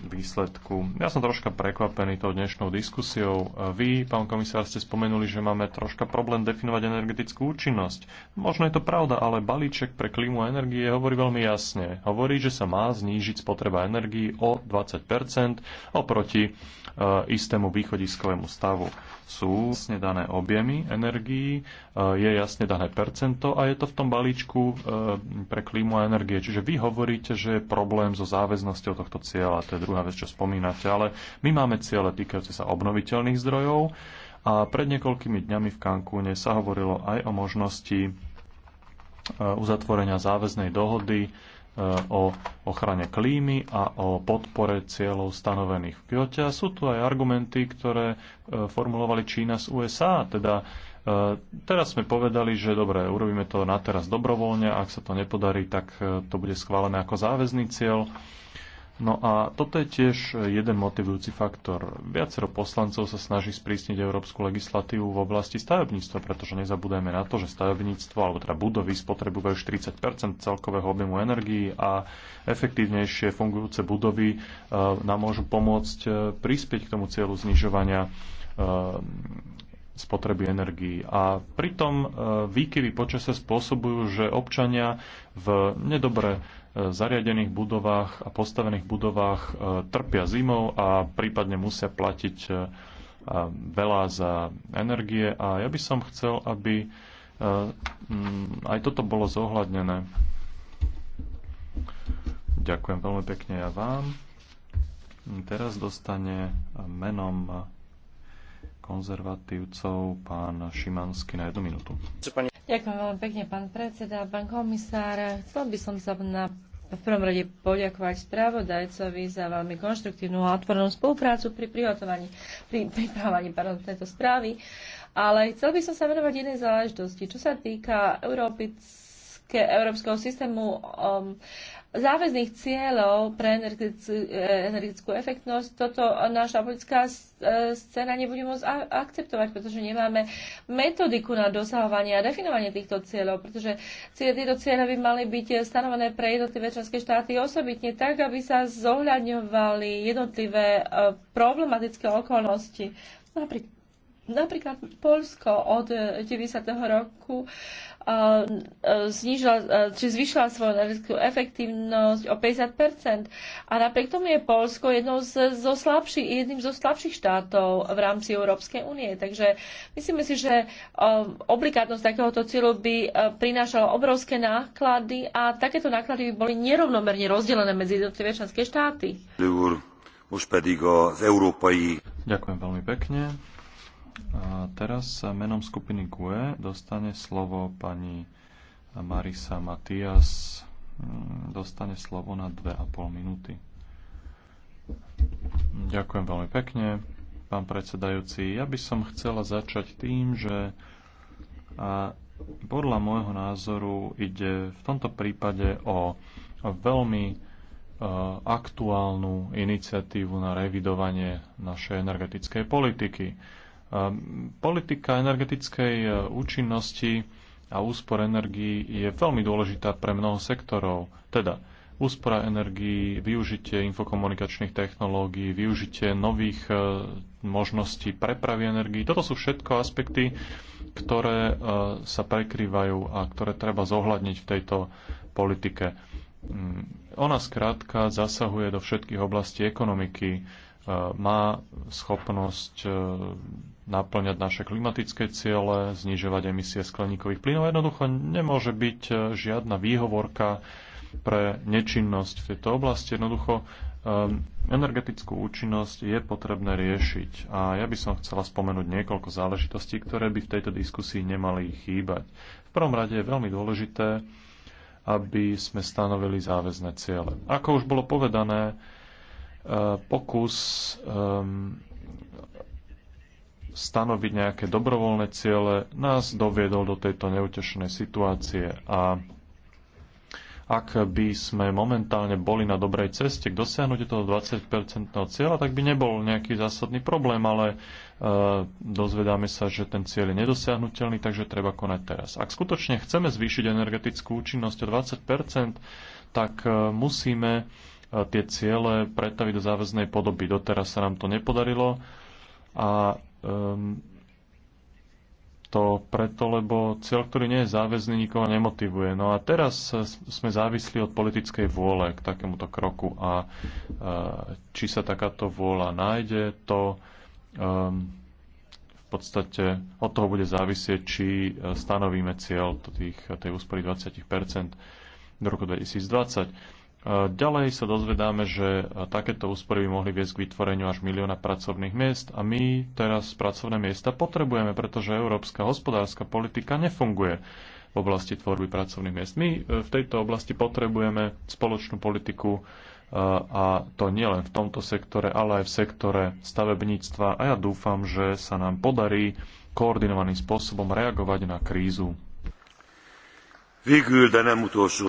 výsledku. Ja som troška prekvapený tou dnešnou diskusiou. E, vy, pán komisár, ste spomenuli, že máme troška problém definovať energetickú účinnosť. Možno je to pravda, ale balíček pre klímu a energie hovorí veľmi jasne. Hovorí, že sa má znížiť spotreba energii o 20 oproti e, istému východiskovému stavu sú jasne dané objemy energií, e, je jasne dané percento a je to v tom balíčku e, pre klímu a energie. Čiže vy hovoríte, že je problém so záväznosťou tohto cieľa, to je druhá vec, čo spomínate, ale my máme ciele týkajúce sa obnoviteľných zdrojov a pred niekoľkými dňami v Cancúne sa hovorilo aj o možnosti e, uzatvorenia záväznej dohody E, o ochrane klímy a o podpore cieľov stanovených v Kyoto. Sú tu aj argumenty, ktoré e, formulovali Čína z USA. Teda e, teraz sme povedali, že dobre, urobíme to na teraz dobrovoľne, ak sa to nepodarí, tak to bude schválené ako záväzný cieľ. No a toto je tiež jeden motivujúci faktor. Viacero poslancov sa snaží sprísniť európsku legislatívu v oblasti stavebníctva, pretože nezabudajme na to, že stavebníctvo alebo teda budovy spotrebujú 40 celkového objemu energií a efektívnejšie fungujúce budovy e, nám môžu pomôcť e, prispieť k tomu cieľu znižovania e, spotreby energií. A pritom výkyvy počasia spôsobujú, že občania v nedobre zariadených budovách a postavených budovách e, trpia zimou a prípadne musia platiť e, veľa za energie. A ja by som chcel, aby e, mm, aj toto bolo zohľadnené. Ďakujem veľmi pekne ja vám. Teraz dostane menom konzervatívcov pán Šimanský na jednu minútu. Ďakujem veľmi pekne, pán predseda, pán komisár. Chcel by som sa na v prvom rade poďakovať správodajcovi za veľmi konštruktívnu a otvorenú spoluprácu pri prihotovaní, pri pripravovaní tejto správy. Ale chcel by som sa venovať jednej záležitosti, čo sa týka Európy európskeho systému um, záväzných cieľov pre energetickú, energetickú efektnosť, toto naša politická e, scéna nebude môcť akceptovať, pretože nemáme metodiku na dosahovanie a definovanie týchto cieľov, pretože tieto cieľe by mali byť stanovené pre jednotlivé členské štáty osobitne tak, aby sa zohľadňovali jednotlivé e, problematické okolnosti. Napríklad Napríklad Polsko od 90. Eh, roku eh, eh, znižila, či zvyšila svoju energetickú efektívnosť o 50 A napriek tomu je Polsko jednou z, zo slabší, jedným zo slabších štátov v rámci Európskej únie. Takže myslíme si, že obligátnosť takéhoto cieľu by prinášala obrovské náklady a takéto náklady by boli nerovnomerne rozdelené medzi jednotlivé členské štáty. Ďakujem veľmi pekne. A teraz sa menom skupiny GUE dostane slovo pani Marisa Matias. Mm, dostane slovo na 2,5 minúty. Ďakujem veľmi pekne, pán predsedajúci. Ja by som chcela začať tým, že a podľa môjho názoru ide v tomto prípade o veľmi e, aktuálnu iniciatívu na revidovanie našej energetickej politiky. Ehm, politika energetickej e, účinnosti a úspor energií je veľmi dôležitá pre mnoho sektorov. Teda úspora energií, využitie infokomunikačných technológií, využitie nových e, možností prepravy energií. Toto sú všetko aspekty, ktoré e, sa prekrývajú a ktoré treba zohľadniť v tejto politike. Mm, ona skrátka zasahuje do všetkých oblastí ekonomiky E, má schopnosť e, naplňať naše klimatické ciele, znižovať emisie skleníkových plynov. Jednoducho nemôže byť e, žiadna výhovorka pre nečinnosť v tejto oblasti. Jednoducho energetickú účinnosť je potrebné riešiť. A ja by som chcela spomenúť niekoľko záležitostí, ktoré by v tejto diskusii nemali chýbať. V prvom rade je veľmi dôležité, aby sme stanovili záväzne ciele. Ako už bolo povedané, Eh, pokus stanoviť nejaké dobrovoľné ciele nás doviedol do tejto neutešenej situácie a ak by sme momentálne boli na dobrej ceste k dosiahnutiu toho 20-percentného cieľa, tak by nebol nejaký zásadný problém, ale e, dozvedáme sa, že ten cieľ je nedosiahnutelný, takže treba konať teraz. Ak skutočne chceme zvýšiť energetickú účinnosť o 20 tak e, musíme E, tie ciele pretaviť do záväznej podoby. Doteraz sa nám to nepodarilo a um, to preto, lebo cieľ, ktorý nie je záväzný, nikoho nemotivuje. No a teraz sme závisli od politickej vôle k takémuto kroku a e, či sa takáto vôľa nájde, to um, v podstate od toho bude závisieť, či e, stanovíme cieľ tých, tej úspory 20 do roku 2020. Ďalej sa dozvedáme, že takéto úspory by mohli viesť k vytvoreniu až milióna pracovných miest a my teraz pracovné miesta potrebujeme, pretože európska hospodárska politika nefunguje v oblasti tvorby pracovných miest. My e, v tejto oblasti potrebujeme spoločnú politiku e, a to nielen v tomto sektore, ale aj v sektore stavebníctva a ja dúfam, že sa nám podarí koordinovaným spôsobom reagovať na krízu. Végül, de nem utolsó.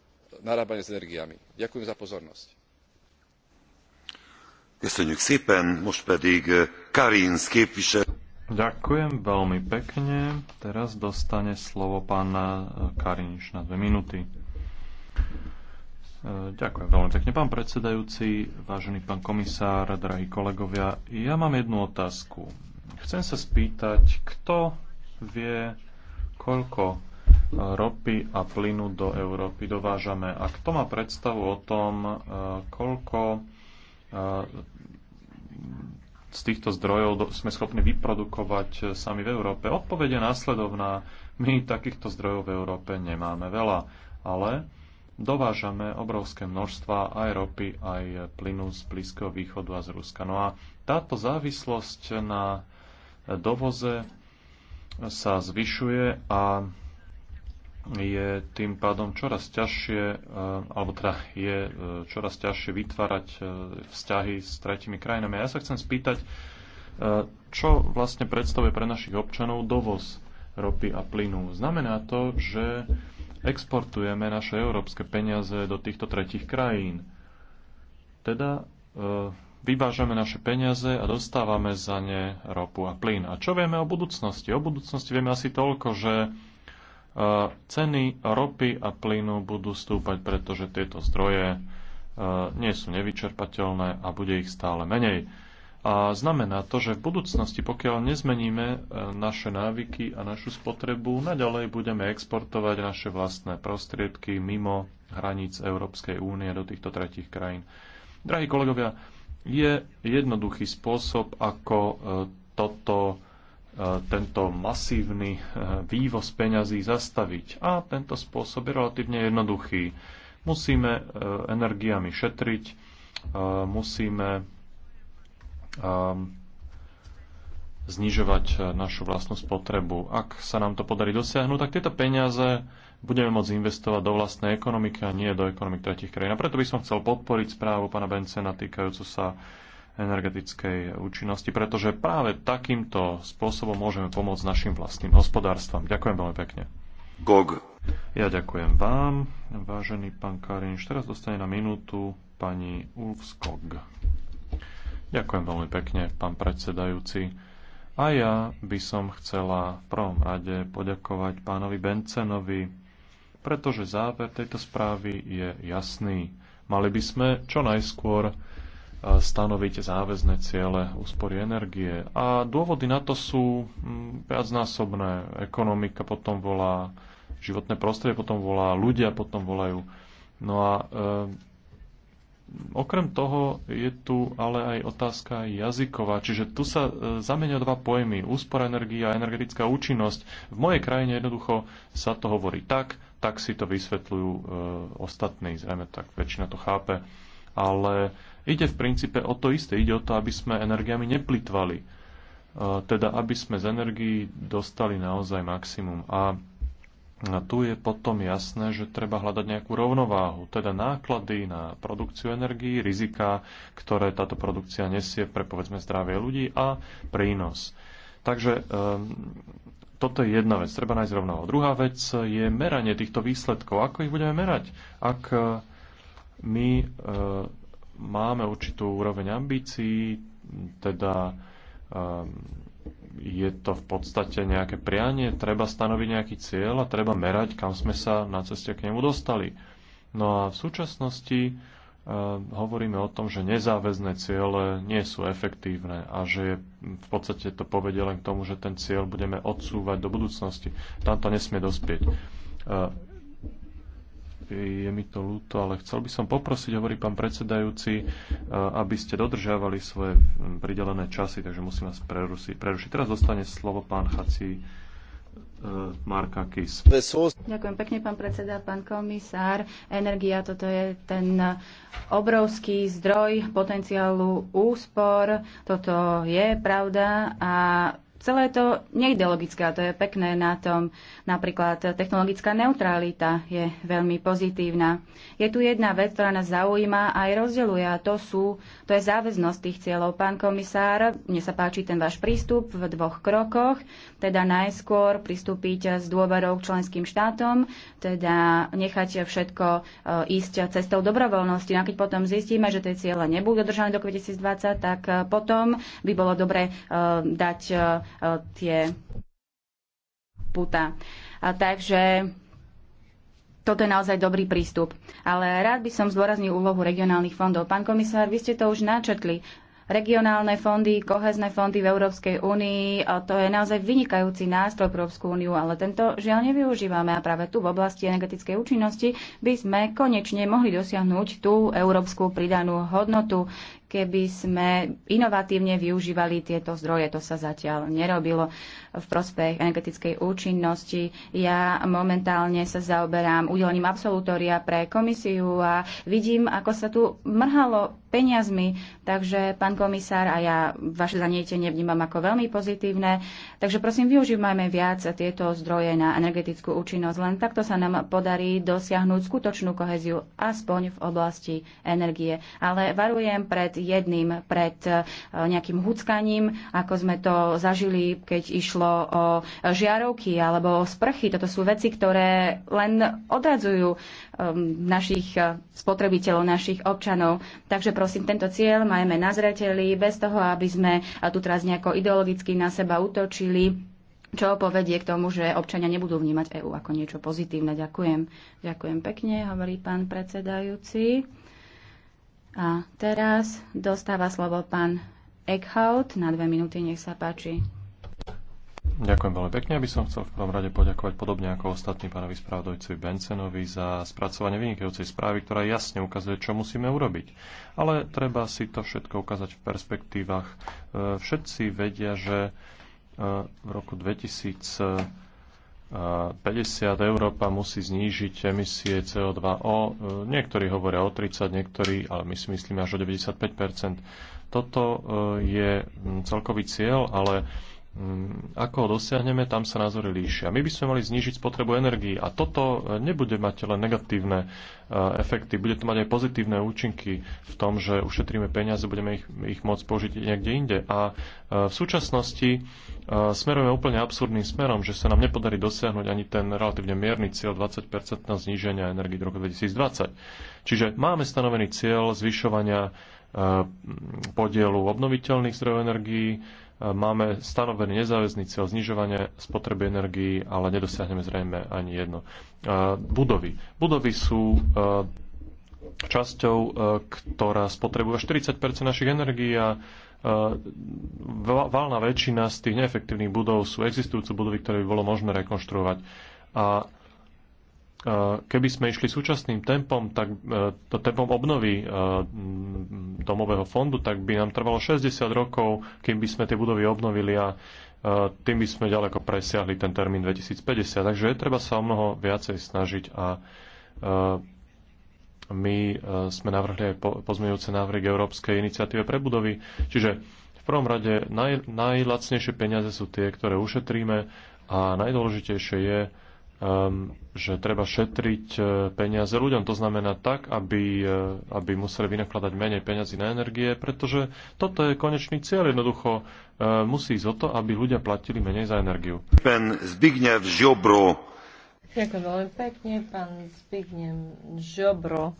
narábania s energiami. ďakujem za pozornosť. Eh, ďakujem veľmi pekne. Teraz dostane slovo pán eh, Karinš na dve minúty. Eh, ďakujem veľmi pekne, pán predsedajúci, vážený pán komisár, drahí kolegovia. Ja mám jednu otázku. Chcem sa spýtať, kto vie, koľko ropy a plynu do Európy dovážame. A kto má predstavu o tom, e, koľko e, z týchto zdrojov sme schopní vyprodukovať e, sami v Európe? Odpovede následovná. My takýchto zdrojov v Európe nemáme veľa, ale dovážame obrovské množstva aj ropy, aj plynu z Blízkeho východu a z Ruska. No a táto závislosť na dovoze sa zvyšuje a je tým pádom čoraz ťažšie, e, alebo teda je e, čoraz ťažšie vytvárať e, vzťahy s tretimi krajinami. Ja sa chcem spýtať, čo vlastne predstavuje pre našich občanov dovoz ropy a plynu. Znamená to, že exportujeme naše európske peniaze do týchto tretich krajín. Teda vyvážame naše peniaze a dostávame za ne ropu a plyn. A čo vieme o budúcnosti? O budúcnosti vieme asi toľko, že ceny ropy a plynu budú stúpať, pretože tieto zdroje e, nie sú nevyčerpateľné a bude ich stále menej. A znamená to, že v budúcnosti, pokiaľ nezmeníme e, naše návyky a našu spotrebu, naďalej budeme exportovať naše vlastné prostriedky mimo hraníc Európskej únie do týchto tretich krajín. Drahí kolegovia, je jednoduchý spôsob, ako e, toto E, tento masívny e, vývoz peňazí zastaviť. A tento spôsob je relatívne jednoduchý. Musíme e, energiami šetriť, musíme znižovať našu vlastnú spotrebu. Ak sa nám to podarí dosiahnuť, tak tieto peniaze budeme môcť investovať do vlastnej ekonomiky a nie do ekonomik tretich krajín. A preto by som chcel podporiť správu pána Bencena týkajúcu sa energetickej účinnosti, pretože práve takýmto spôsobom môžeme pomôcť našim vlastným hospodárstvom. Ďakujem veľmi pekne. Gog. Ja ďakujem vám, vážený pán Karinš. Teraz dostane na minútu pani Ulfskog. Ďakujem veľmi pekne, pán predsedajúci. A ja by som chcela v prvom rade poďakovať pánovi Bencenovi, pretože záver tejto správy je jasný. Mali by sme čo najskôr stanoviť záväzne ciele úspory energie. A dôvody na to sú mm, viacnásobné. Ekonomika potom volá životné prostredie, potom volá ľudia, potom volajú. No a e, okrem toho je tu ale aj otázka jazyková. Čiže tu sa e, zamenia dva pojmy. Úspora energie a energetická účinnosť. V mojej krajine jednoducho sa to hovorí tak, tak si to vysvetľujú e, ostatní. Zrejme tak väčšina to chápe. Ale e, Ide v princípe o to isté. Ide o to, aby sme energiami neplitvali. E, teda, aby sme z energií dostali naozaj maximum. A tu je potom jasné, že treba hľadať nejakú rovnováhu, teda náklady na produkciu energií, rizika, ktoré táto produkcia nesie pre povedzme zdravie ľudí a prínos. Takže um, toto je jedna vec, treba nájsť rovnováhu. Druhá vec je meranie týchto výsledkov. Ako ich budeme merať? Ak e, my uh, máme určitú úroveň ambícií, teda ehm, je to v podstate nejaké prianie, treba stanoviť nejaký cieľ a treba merať, kam sme sa na ceste k nemu dostali. No a v súčasnosti uh, hovoríme o tom, že nezáväzné ciele nie sú efektívne a že je, v podstate to povedie len k tomu, že ten cieľ budeme odsúvať do budúcnosti. Tam to nesmie dospieť. Uh, je mi to ľúto, ale chcel by som poprosiť, hovorí pán predsedajúci, eh, aby ste dodržiavali svoje pridelené časy, takže musím vás prerušiť. prerušiť. Teraz dostane slovo pán Chací eh, Marka Kis. Ďakujem pekne, pán predseda, pán komisár. Energia, toto je ten obrovský zdroj potenciálu úspor. Toto je pravda a celé to neideologické a to je pekné na tom. Napríklad technologická neutralita je veľmi pozitívna. Je tu jedna vec, ktorá nás zaujíma a aj rozdeluje a to, sú, to je záväznosť tých cieľov. Pán komisár, mne sa páči ten váš prístup v dvoch krokoch, teda najskôr pristúpiť s dôverou k členským štátom, teda nechať všetko e, ísť cestou dobrovoľnosti. No a keď potom zistíme, že tie ciele nebudú dodržané do 2020, tak e, potom by bolo dobre e, dať E, tie puta. A takže toto je naozaj dobrý prístup. Ale rád by som zdôraznil úlohu regionálnych fondov. Pán komisár, vy ste to už načetli. Regionálne fondy, kohezné fondy v Európskej únii, to je naozaj vynikajúci nástroj pre Európsku úniu, ale tento žiaľ nevyužívame a práve tu v oblasti energetickej účinnosti by sme konečne mohli dosiahnuť tú európsku pridanú hodnotu keby sme inovatívne využívali tieto zdroje. To sa zatiaľ nerobilo v prospech energetickej účinnosti. Ja momentálne sa zaoberám udelením absolutória pre komisiu a vidím, ako sa tu mrhalo peniazmi. Takže, pán komisár, a ja vaše zanietenie vnímam ako veľmi pozitívne. Takže prosím, využívajme viac tieto zdroje na energetickú účinnosť. Len takto sa nám podarí dosiahnuť skutočnú koheziu, aspoň v oblasti energie. Ale varujem pred jedným pred e, nejakým huckaním, ako sme to zažili, keď išlo o žiarovky alebo o sprchy. Toto sú veci, ktoré len odradzujú e, našich e, spotrebiteľov, našich občanov. Takže prosím, tento cieľ majme na zreteli, bez toho, aby sme tu teraz nejako ideologicky na seba útočili čo povedie k tomu, že občania nebudú vnímať EÚ ako niečo pozitívne. Ďakujem. Ďakujem pekne, hovorí pán predsedajúci. A teraz dostáva slovo pán Eckhout na dve minúty, nech sa páči. Ďakujem veľmi pekne. Aby som chcel v prvom rade poďakovať podobne ako ostatní pánovi spravodajcovi Bencenovi za spracovanie vynikajúcej správy, ktorá jasne ukazuje, čo musíme urobiť. Ale treba si to všetko ukázať v perspektívach. E, všetci vedia, že e, v roku 2000 50, Európa musí znížiť emisie CO2 o, e, niektorí hovoria o 30, niektorí, ale my si myslíme až o 95 Toto e, je celkový cieľ, ale Mm, ako ho dosiahneme, tam sa názory líšia. My by sme mali znížiť spotrebu energii a toto e, nebude mať len negatívne e, efekty, bude to mať aj pozitívne účinky v tom, že ušetríme peniaze, budeme ich, ich môcť použiť niekde inde. A e, v súčasnosti smerujeme úplne absurdným smerom, že sa nám nepodarí dosiahnuť ani ten relatívne mierny cieľ 20% na zníženia energii do roku 2020. Čiže máme stanovený cieľ zvyšovania podielu obnoviteľných zdrojov energií, máme stanovený nezáväzný cieľ znižovania spotreby energií, ale nedosiahneme zrejme ani jedno. E, budovy. Budovy sú e, časťou, e, ktorá spotrebuje 40 našich energií a valná väčšina z tých neefektívnych budov sú existujúce budovy, ktoré by bolo možné rekonštruovať. A Eh, keby sme išli súčasným tempom, tak eh, to tempom obnovy domového eh, mm, fondu, tak by nám trvalo 60 rokov, kým by sme tie budovy obnovili a tým by sme ďaleko presiahli ten termín 2050. Takže je treba sa o mnoho viacej snažiť a my sme navrhli aj pozmeňujúce návrhy k Európskej iniciatíve pre budovy. Čiže v prvom rade naj, najlacnejšie peniaze sú tie, ktoré ušetríme a najdôležitejšie je, Ehm, že treba šetriť e, peniaze ľuďom. To znamená tak, aby, e, aby museli vynakladať menej peniazy na energie, pretože toto je konečný cieľ. Jednoducho e, musí ísť o to, aby ľudia platili menej za energiu. Pán Zbigniew Žiobro. Ďakujem veľmi pekne, pán Zbigniew Žiobro.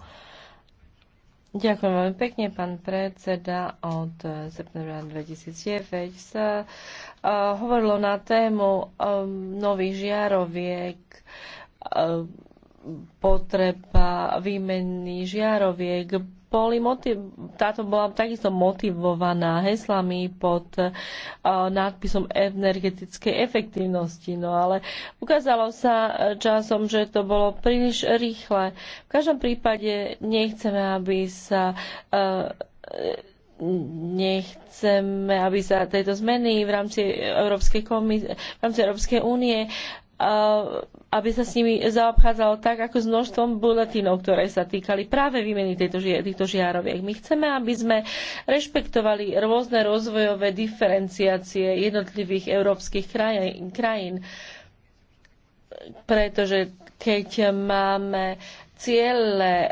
Ďakujem veľmi pekne, pán predseda. Od septembra 2009 sa uh, hovorilo na tému um, nových žiaroviek, eh, potreba výmeny žiaroviek, boli motiv- táto bola takisto motivovaná heslami pod uh, eh, nádpisom energetickej efektívnosti. No ale ukázalo sa eh, časom, že to bolo príliš rýchle. V každom prípade nechceme, aby sa uh, nechceme, aby sa tejto zmeny v rámci Európskej, komis- v rámci Európskej únie aby sa s nimi zaobchádzalo tak, ako s množstvom bulletinov, ktoré sa týkali práve výmeny tejto, týchto žiaroviek. My chceme, aby sme rešpektovali rôzne rozvojové diferenciácie jednotlivých európskych krajín, krajín pretože keď máme ciele, e,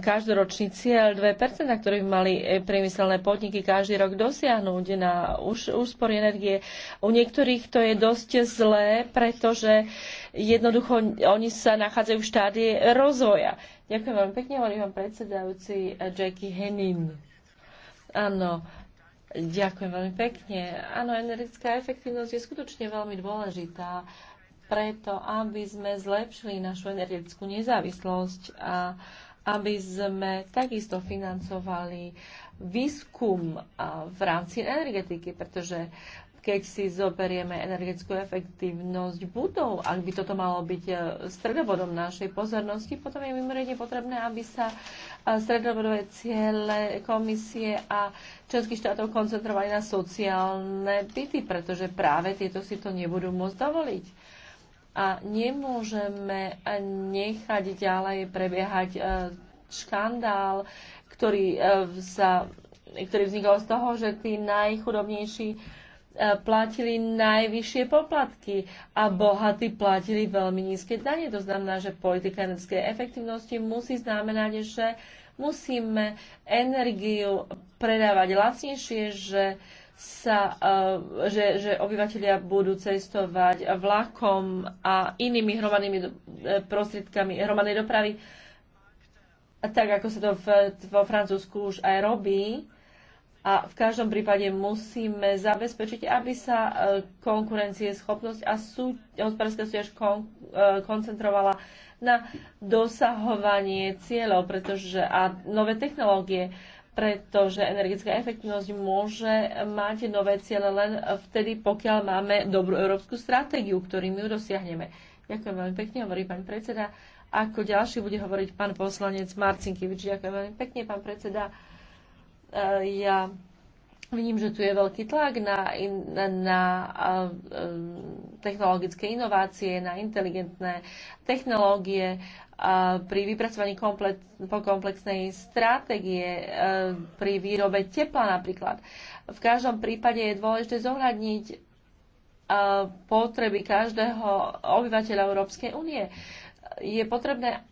každoročný cieľ 2%, ktorý by mali e, priemyselné podniky každý rok dosiahnuť na úspory energie. U niektorých to je dosť zlé, pretože jednoducho oni sa nachádzajú v štádie rozvoja. Ďakujem veľmi pekne, hovorí vám predsedajúci Jackie Henin. Áno, ďakujem veľmi pekne. Áno, energetická efektívnosť je skutočne veľmi dôležitá preto, aby sme zlepšili našu energetickú nezávislosť a aby sme takisto financovali výskum v rámci energetiky, pretože keď si zoberieme energetickú efektívnosť budov, ak by toto malo byť e, stredobodom našej pozornosti, potom je mimoriadne potrebné, aby sa e, stredobodové ciele komisie a členských štátov koncentrovali na sociálne byty, pretože práve tieto si to nebudú môcť dovoliť a nemôžeme nechať ďalej prebiehať e, škandál, ktorý, sa, e, ktorý vznikol z toho, že tí najchudobnejší e, platili najvyššie poplatky a bohatí platili veľmi nízke dane. To znamená, že politika energetickej efektivnosti musí znamenať, že musíme energiu predávať lacnejšie, že uh, sa, eh, že, že obyvateľia budú cestovať vlakom a inými hromadnými eh, prostriedkami hromadnej dopravy, tak ako sa to v, vo Francúzsku už aj robí. A v každom prípade musíme zabezpečiť, aby sa eh, konkurencie, schopnosť a sú, hospodárska súťaž kon, koncentrovala na dosahovanie cieľov, pretože a nové technológie uh, pretože energetická efektívnosť môže mať nové ciele len vtedy, pokiaľ máme dobrú európsku stratégiu, ktorým ju dosiahneme. Ďakujem veľmi pekne, hovorí pán predseda. Ako ďalší bude hovoriť pán poslanec Marcinkevič. Ďakujem veľmi pekne, pán predseda. E, ja Vidím, že tu je veľký tlak na, in, na, na e, technologické inovácie, na inteligentné technológie pri vypracovaní komplex, komplexnej stratégie, e, pri výrobe tepla napríklad. V každom prípade je dôležité zohľadniť e, potreby každého obyvateľa Európskej únie. Je potrebné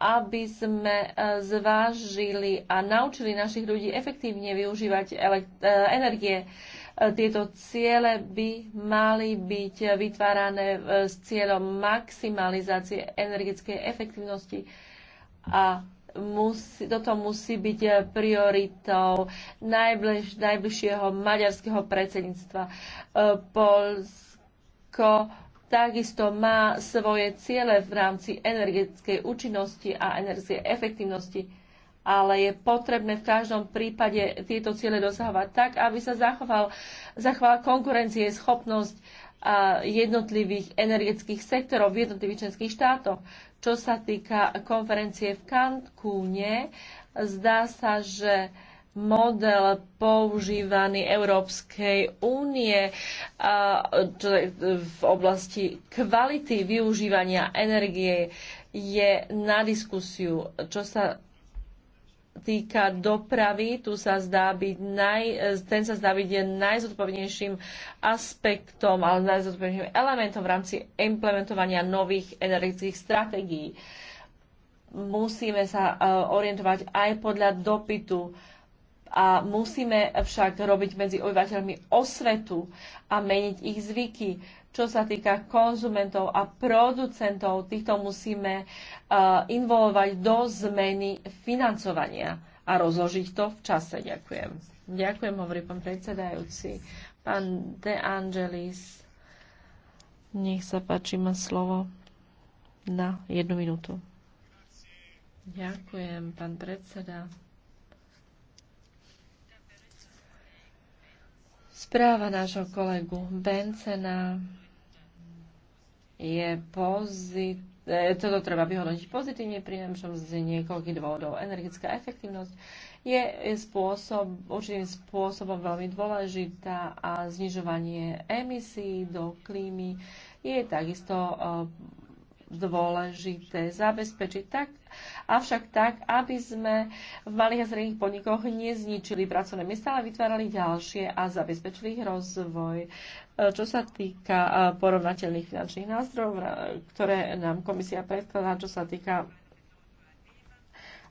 aby sme e, zvážili a naučili našich ľudí efektívne využívať e, energie. E, tieto ciele by mali byť vytvárané s cieľom maximalizácie energetickej efektívnosti a musí, toto musí byť prioritou najbliž, najbližšieho maďarského predsedníctva. Polsko takisto má svoje ciele v rámci energetickej účinnosti a energetickej efektivnosti, ale je potrebné v každom prípade tieto ciele dosahovať tak, aby sa zachoval, zachovala konkurencie, schopnosť a jednotlivých energetických sektorov v jednotlivých členských štátoch. Čo sa týka konferencie v Cancúne, zdá sa, že model používaný Európskej únie v oblasti kvality využívania energie je na diskusiu. Čo sa týka dopravy, tu sa zdá byť naj, ten sa zdá byť je najzodpovednejším aspektom, ale najzodpovednejším elementom v rámci implementovania nových energetických stratégií. Musíme sa orientovať aj podľa dopytu a musíme však robiť medzi obyvateľmi osvetu a meniť ich zvyky. Čo sa týka konzumentov a producentov, týchto musíme e, involovať do zmeny financovania a rozložiť to v čase. Ďakujem. Ďakujem, hovorí pán predsedajúci. Pán De Angelis, nech sa páči, má slovo na jednu minútu. Ďakujem, pán predseda. Správa nášho kolegu Bencena je pozitívna e, toto treba vyhodnotiť pozitívne pri z niekoľkých dôvodov. Energetická efektívnosť je spôsob, určitým spôsobom veľmi dôležitá a znižovanie emisí do klímy je takisto e, dôležité zabezpečiť tak, avšak tak, aby sme v malých a zrejných podnikoch nezničili pracovné miesta, ale vytvárali ďalšie a zabezpečili ich rozvoj. E, čo sa týka e, porovnateľných finančných nástrojov, ktoré nám komisia predkladá, čo sa týka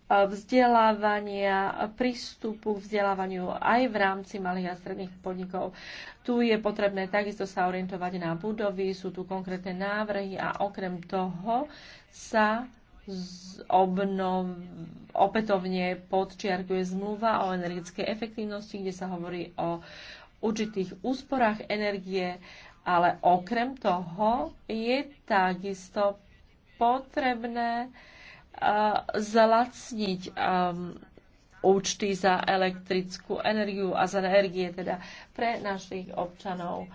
vzdelávania, prístupu k vzdelávaniu aj v rámci malých a stredných podnikov. Tu je potrebné takisto sa orientovať na budovy, sú tu konkrétne návrhy a okrem toho sa opätovne podčiarkuje zmluva o energetickej efektívnosti, kde sa hovorí o určitých úsporách energie, ale okrem toho je takisto potrebné uh, zlacniť um, účty za elektrickú energiu a za energie teda pre našich občanov.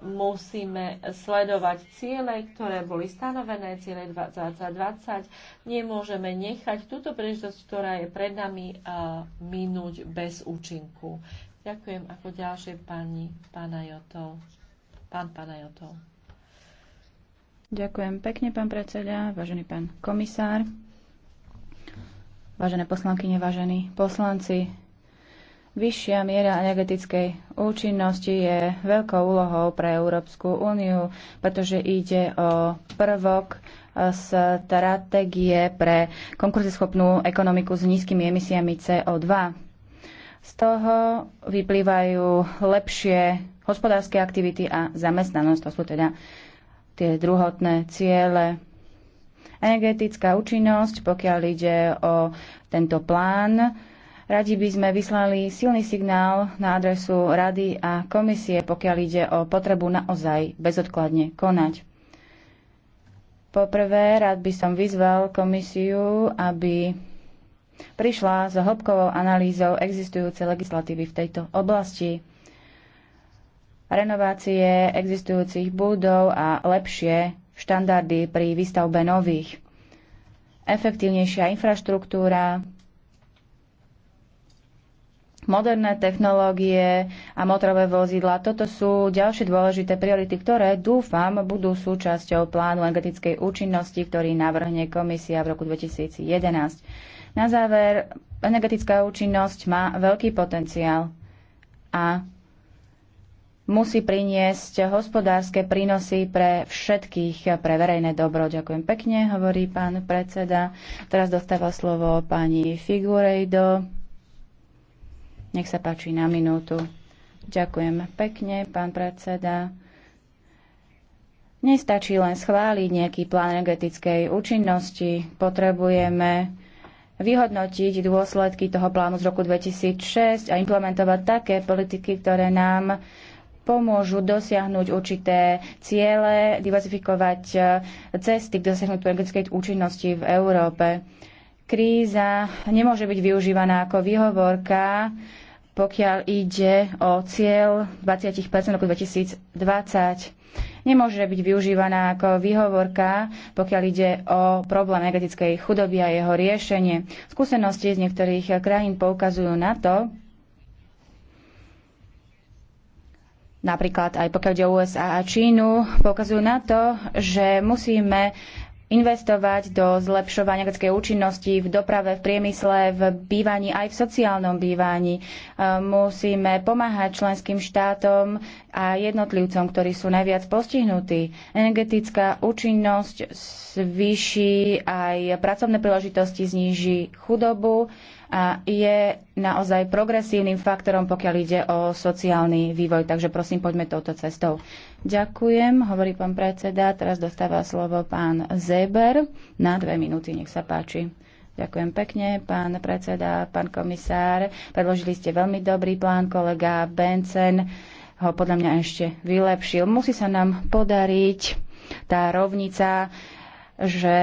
Musíme sledovať ciele, ktoré boli stanovené, ciele 2020. Nemôžeme nechať túto príležitosť, ktorá je pred nami, uh, minúť bez účinku. Ďakujem ako ďalšie pani Panajotov. Pán Panajotov. Ďakujem pekne, pán predseda, vážený pán komisár vážené poslankyne, vážení poslanci. Vyššia miera energetickej účinnosti je veľkou úlohou pre Európsku úniu, pretože ide o prvok stratégie pre konkurzeschopnú ekonomiku s nízkymi emisiami CO2. Z toho vyplývajú lepšie hospodárske aktivity a zamestnanosť. To sú teda tie druhotné ciele Energetická účinnosť, pokiaľ ide o tento plán, Radi by sme vyslali silný signál na adresu Rady a komisie, pokiaľ ide o potrebu naozaj bezodkladne konať. Poprvé, rád by som vyzval komisiu, aby prišla s hĺbkovou analýzou existujúcej legislatívy v tejto oblasti, renovácie existujúcich budov a lepšie štandardy pri výstavbe nových. Efektívnejšia infraštruktúra, moderné technológie a motorové vozidla. Toto sú ďalšie dôležité priority, ktoré dúfam budú súčasťou plánu energetickej účinnosti, ktorý navrhne komisia v roku 2011. Na záver, energetická účinnosť má veľký potenciál a musí priniesť hospodárske prínosy pre všetkých, pre verejné dobro. Ďakujem pekne, hovorí pán predseda. Teraz dostáva slovo pani Figurejdo. Nech sa páči na minútu. Ďakujem pekne, pán predseda. Nestačí len schváliť nejaký plán energetickej účinnosti. Potrebujeme vyhodnotiť dôsledky toho plánu z roku 2006 a implementovať také politiky, ktoré nám pomôžu dosiahnuť určité ciele, diversifikovať e, cesty k dosiahnutiu energetickej účinnosti v Európe. Kríza nemôže byť využívaná ako výhovorka, pokiaľ ide o cieľ 20 roku 2020. Nemôže byť využívaná ako výhovorka, pokiaľ ide o problém energetickej chudoby a jeho riešenie. Skúsenosti z niektorých krajín poukazujú na to, napríklad aj pokiaľ ide USA a Čínu, poukazujú na to, že musíme investovať do zlepšovania energetickej účinnosti v doprave, v priemysle, v bývaní, aj v sociálnom bývaní. E, musíme pomáhať členským štátom a jednotlivcom, ktorí sú najviac postihnutí. Energetická účinnosť zvýši aj pracovné príležitosti, zníži chudobu a je naozaj progresívnym faktorom, pokiaľ ide o sociálny vývoj. Takže prosím, poďme touto cestou. Ďakujem, hovorí pán predseda. Teraz dostáva slovo pán Zeber na dve minúty. Nech sa páči. Ďakujem pekne, pán predseda, pán komisár. Predložili ste veľmi dobrý plán, kolega Bencen ho podľa mňa ešte vylepšil. Musí sa nám podariť tá rovnica, že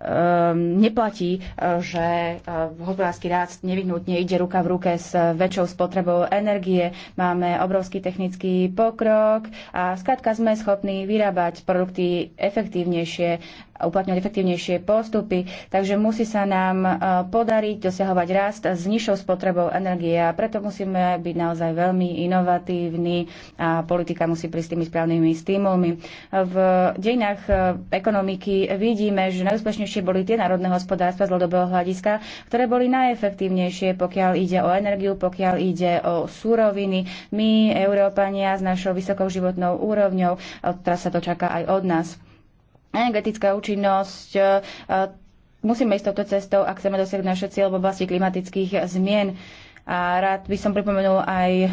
Ehm, neplatí, eh, že eh, hospodársky rást nevyhnutne ide ruka v ruke s väčšou spotrebou energie. Máme obrovský technický pokrok a skladka sme schopní vyrábať produkty efektívnejšie uplatňovať efektívnejšie postupy, takže musí sa nám e, podariť dosahovať rast s nižšou spotrebou energie a preto musíme byť naozaj veľmi inovatívni a politika musí prísť tými správnymi stimulmi. V dejinách e, ekonomiky vidíme, že najúspešnejšie boli tie národné hospodárstva z dlhodobého hľadiska, ktoré boli najefektívnejšie, pokiaľ ide o energiu, pokiaľ ide o súroviny. My, Európania, s našou vysokou životnou úrovňou, teraz sa to čaká aj od nás energetická účinnosť, e, e, musíme ísť touto cestou, ak chceme dosiahnuť naše cieľ v oblasti klimatických zmien. A rád by som pripomenul aj e,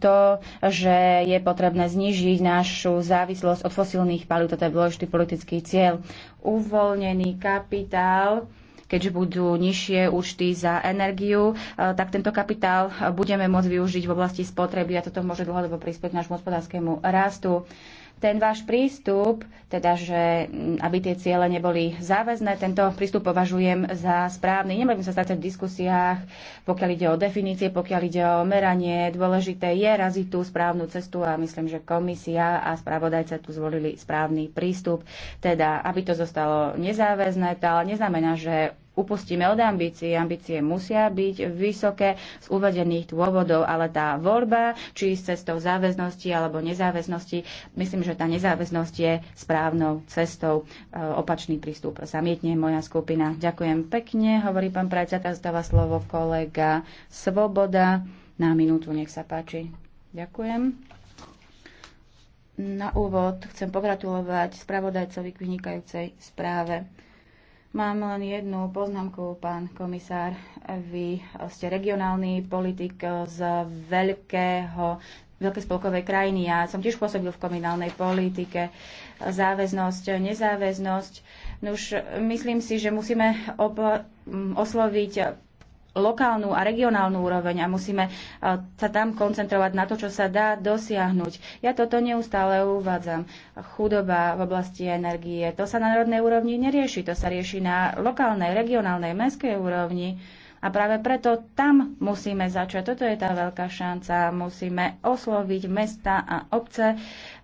to, že je potrebné znižiť našu závislosť od fosílnych palív. Toto je dôležitý politický cieľ. Uvoľnený kapitál keďže budú nižšie účty za energiu, tak tento kapitál budeme môcť využiť v oblasti spotreby a toto môže dlhodobo prispieť nášmu hospodárskému rastu ten váš prístup, teda že aby tie ciele neboli záväzné, tento prístup považujem za správny. Nemôžem sa stať v diskusiách, pokiaľ ide o definície, pokiaľ ide o meranie. Dôležité je raziť tú správnu cestu a myslím, že komisia a spravodajca tu zvolili správny prístup. Teda, aby to zostalo nezáväzné, to ale neznamená, že upustíme od ambícií. Ambície musia byť vysoké z uvedených dôvodov, ale tá voľba, či s cestou záväznosti alebo nezáväznosti, myslím, že tá nezáväznosť je správnou cestou. E, opačný prístup zamietne moja skupina. Ďakujem pekne, hovorí pán predseda, zdáva slovo kolega Svoboda. Na minútu, nech sa páči. Ďakujem. Na úvod chcem pogratulovať spravodajcovi k vynikajúcej správe. Mám len jednu poznámku, pán komisár. Vy ste regionálny politik z veľkého veľké spolkové krajiny. Ja som tiež pôsobil v komunálnej politike. Záväznosť, nezáväznosť. No už myslím si, že musíme osloviť lokálnu a regionálnu úroveň a musíme e, sa tam koncentrovať na to, čo sa dá dosiahnuť. Ja toto neustále uvádzam. Chudoba v oblasti energie, to sa na národnej úrovni nerieši, to sa rieši na lokálnej, regionálnej, mestskej úrovni. A práve preto tam musíme začať. Toto je tá veľká šanca. Musíme osloviť mesta a obce,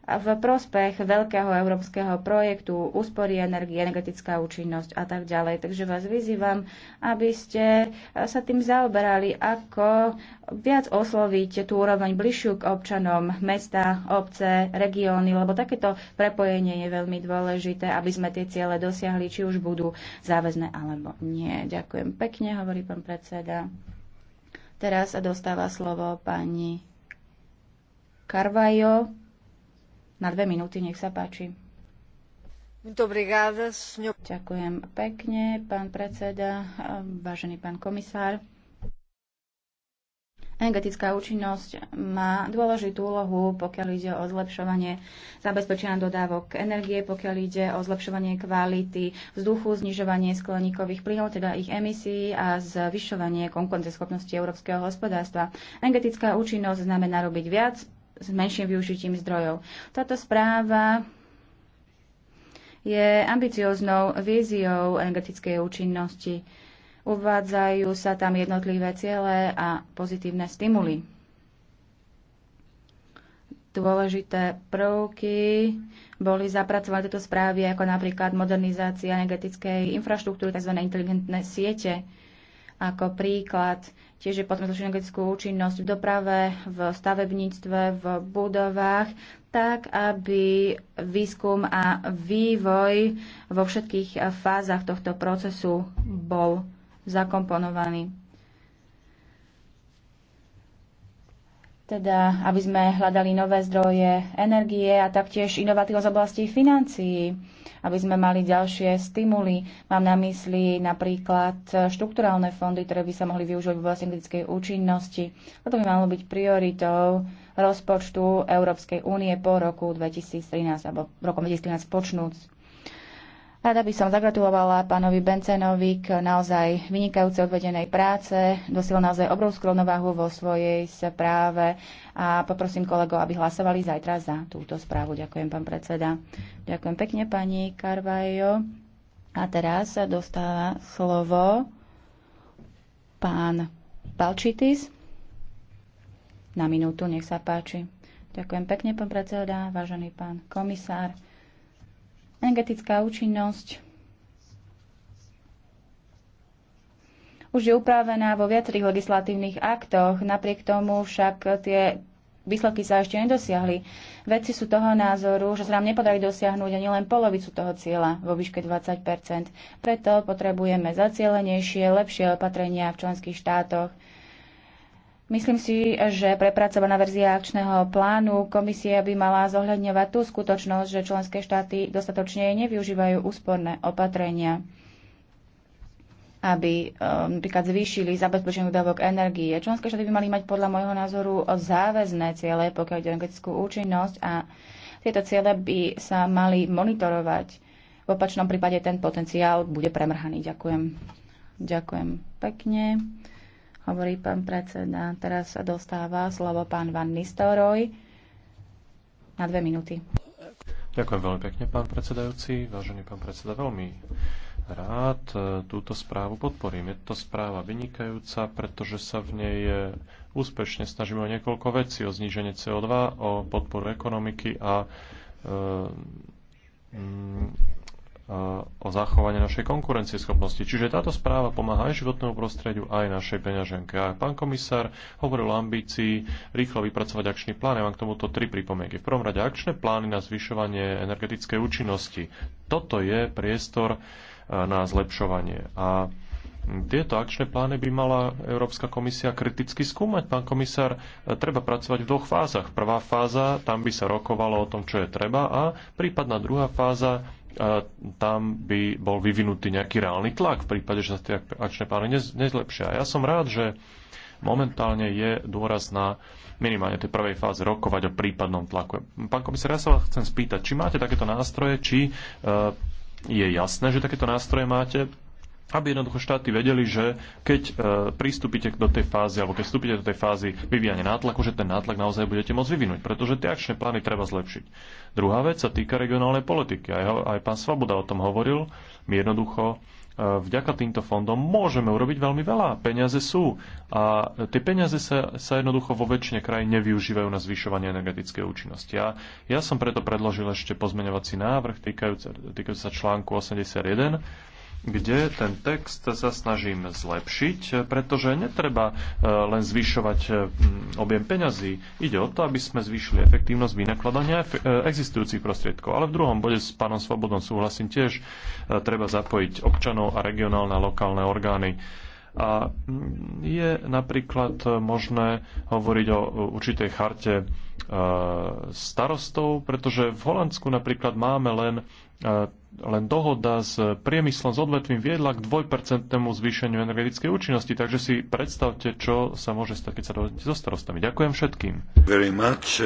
v prospech veľkého európskeho projektu úspory energie, energetická účinnosť a tak ďalej. Takže vás vyzývam, aby ste e, sa tým zaoberali, ako viac osloviť tú úroveň bližšiu k občanom mesta, obce, regióny, lebo takéto prepojenie je veľmi dôležité, aby sme tie ciele dosiahli, či už budú záväzné alebo nie. Ďakujem pekne, hovorí pán predseda. Teraz sa dostáva slovo pani Carvajo na dve minúty, nech sa páči. Ďakujem pekne, pán predseda, vážený pán komisár. Energetická účinnosť má dôležitú úlohu, pokiaľ ide o zlepšovanie zabezpečenia dodávok energie, pokiaľ ide o zlepšovanie kvality vzduchu, znižovanie skleníkových plynov, teda ich emisí a zvyšovanie konkurenceschopnosti európskeho hospodárstva. Energetická účinnosť znamená robiť viac s menším využitím zdrojov. Táto správa je ambicióznou víziou energetickej účinnosti. Uvádzajú sa tam jednotlivé ciele a pozitívne stimuly. Dôležité prvky boli zapracované tieto správy, ako napríklad modernizácia energetickej infraštruktúry, tzv. inteligentné siete, ako príklad. Tiež je potom energetickú účinnosť v doprave, v stavebníctve, v budovách, tak aby výskum a vývoj vo všetkých fázach tohto procesu bol zakomponovaný. teda aby sme hľadali nové zdroje energie a taktiež inovatívnosť z oblasti financií, aby sme mali ďalšie stimuly. Mám na mysli napríklad štrukturálne fondy, ktoré by sa mohli využiť v oblasti energetickej účinnosti. Toto by malo byť prioritou rozpočtu Európskej únie po roku 2013 alebo rokom 2013 počnúc. Rada by som zagratulovala pánovi Bencenovi k naozaj vynikajúcej odvedenej práce. Dosil naozaj obrovskú rovnováhu vo svojej správe a poprosím kolegov, aby hlasovali zajtra za túto správu. Ďakujem, pán predseda. Ďakujem pekne, pani Carvajo. A teraz sa dostáva slovo pán Palčitis. Na minútu, nech sa páči. Ďakujem pekne, pán predseda, vážený pán komisár. Energetická účinnosť už je upravená vo viacerých legislatívnych aktoch, napriek tomu však tie výsledky sa ešte nedosiahli. Vedci sú toho názoru, že sa nám nepodarí dosiahnuť ani len polovicu toho cieľa vo výške 20 Preto potrebujeme zacielenejšie, lepšie opatrenia v členských štátoch Myslím si, že prepracovaná verzia akčného plánu komisia by mala zohľadňovať tú skutočnosť, že členské štáty dostatočne nevyužívajú úsporné opatrenia aby um, napríklad zvýšili zabezpečenie dávok energie. Členské štáty by mali mať podľa môjho názoru záväzné ciele, pokiaľ ide energetickú účinnosť a tieto ciele by sa mali monitorovať. V opačnom prípade ten potenciál bude premrhaný. Ďakujem. Ďakujem pekne hovorí pán predseda. Teraz sa dostáva slovo pán Van Nistelrooy na dve minúty. Ďakujem veľmi pekne, pán predsedajúci. Vážený pán predseda, veľmi rád e, túto správu podporím. Je to správa vynikajúca, pretože sa v nej e, úspešne snažíme o niekoľko vecí, o zníženie CO2, o podporu ekonomiky a e, Eh, o zachovanie našej konkurencieschopnosti. Čiže táto správa pomáha aj životnému prostrediu, aj našej peňaženke. A pán komisár hovoril o ambícii rýchlo vypracovať akčný plán. Ja mám k tomuto tri pripomienky. V prvom rade akčné plány na zvyšovanie energetickej účinnosti. Toto je priestor eh, na zlepšovanie. A tieto akčné plány by mala Európska komisia kriticky skúmať. Pán komisár, eh, treba pracovať v dvoch fázach. Prvá fáza, tam by sa rokovalo o tom, čo je treba a prípadná druhá fáza, tam by bol vyvinutý nejaký reálny tlak v prípade, že sa tie akčné plány nezlepšia. Ja som rád, že momentálne je dôraz na minimálne tej prvej fáze rokovať o prípadnom tlaku. Pán komisár, ja sa vás chcem spýtať, či máte takéto nástroje, či e, je jasné, že takéto nástroje máte, aby jednoducho štáty vedeli, že keď e, pristúpite do tej fázy, alebo keď vstúpite do tej fázy vyvíjania nátlaku, že ten nátlak naozaj budete môcť vyvinúť, pretože tie akčné plány treba zlepšiť. Druhá vec sa týka regionálnej politiky. Aj, aj pán Svoboda o tom hovoril. My jednoducho e, vďaka týmto fondom môžeme urobiť veľmi veľa. Peniaze sú. A tie peniaze sa, sa jednoducho vo väčšine krajín nevyužívajú na zvyšovanie energetickej účinnosti. Ja, ja som preto predložil ešte pozmeňovací návrh týkajúce, týkajúce sa článku 81 kde ten text sa snažím zlepšiť, pretože netreba e, len zvyšovať e, objem peňazí. Ide o to, aby sme zvýšili efektívnosť vynakladania e, existujúcich prostriedkov. Ale v druhom bode s pánom Svobodom súhlasím tiež, treba zapojiť občanov a regionálne a lokálne orgány. A je napríklad možné hovoriť o určitej charte starostov, pretože v Holandsku napríklad máme len len dohoda s priemyslom, s odvetvím viedla k dvojpercentnému zvýšeniu energetickej účinnosti. Takže si predstavte, čo sa môže stať, keď sa dohodnete so starostami. Ďakujem všetkým. Very much.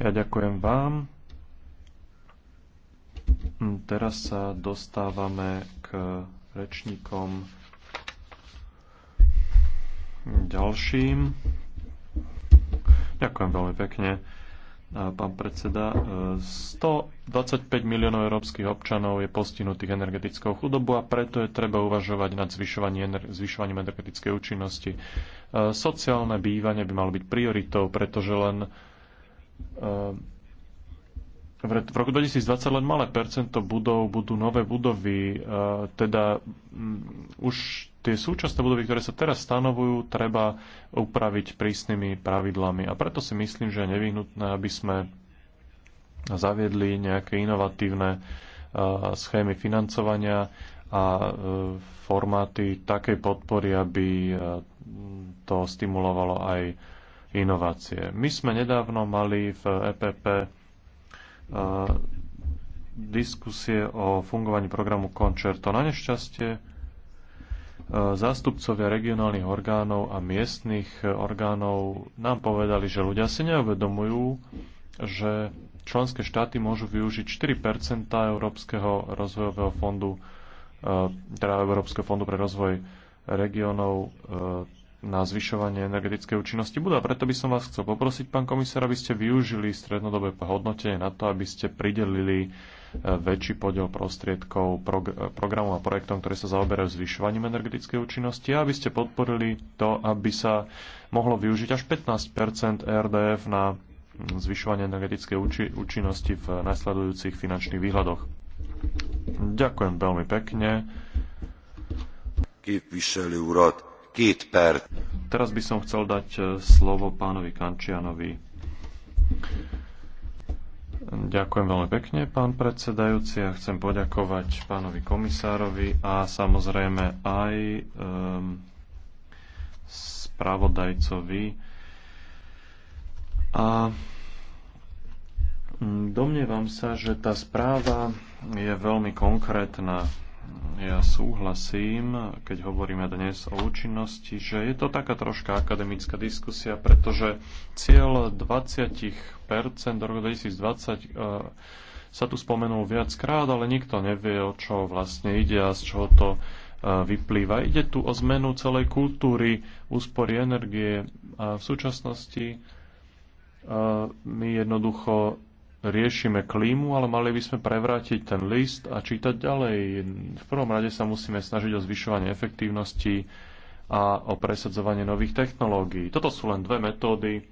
Ja ďakujem vám. Hm, teraz sa dostávame k rečníkom ďalším. Ďakujem veľmi pekne pán predseda. 125 e, miliónov európskych občanov je postihnutých energetickou chudobou a preto je treba uvažovať nad zvyšovaním, zvyšovaním energetickej účinnosti. E, sociálne bývanie by malo byť prioritou, pretože len e, v roku 2020 len malé percento budov budú nové budovy, teda už tie súčasné budovy, ktoré sa teraz stanovujú, treba upraviť prísnymi pravidlami. A preto si myslím, že je nevyhnutné, aby sme zaviedli nejaké inovatívne e, schémy financovania a e, formáty takej podpory, aby e, to stimulovalo aj inovácie. My sme nedávno mali v EPP diskusie o fungovaní programu Končerto. Na nešťastie zástupcovia regionálnych orgánov a miestnych orgánov nám povedali, že ľudia si neuvedomujú, že členské štáty môžu využiť 4 Európskeho rozvojového fondu, e, teda Európskeho fondu pre rozvoj regiónov e, na zvyšovanie energetickej účinnosti budú. A preto by som vás chcel poprosiť, pán komisár, aby ste využili strednodobé hodnotenie na to, aby ste pridelili väčší podiel prostriedkov prog- programom a projektom, ktoré sa zaoberajú zvyšovaním energetickej účinnosti aby ste podporili to, aby sa mohlo využiť až 15 RDF na zvyšovanie energetickej úči- účinnosti v nasledujúcich finančných výhľadoch. Ďakujem veľmi pekne. két perc. Teraz by som chcel dať eh, slovo pánovi Kančianovi. Ďakujem veľmi pekne, pán predsedajúci. Ja chcem poďakovať pánovi komisárovi a samozrejme aj um, spravodajcovi. A domnievam sa, že tá správa je veľmi konkrétna. Ja súhlasím, keď hovoríme dnes o účinnosti, že je to taká troška akademická diskusia, pretože cieľ 20% do roku 2020 e, sa tu spomenul viackrát, ale nikto nevie, o čo vlastne ide a z čoho to e, vyplýva. Ide tu o zmenu celej kultúry úspory energie a v súčasnosti e, my jednoducho riešime klímu, ale mali by sme prevrátiť ten list a čítať ďalej. V prvom rade sa musíme snažiť o zvyšovanie efektívnosti a o presadzovanie nových technológií. Toto sú len dve metódy, eh,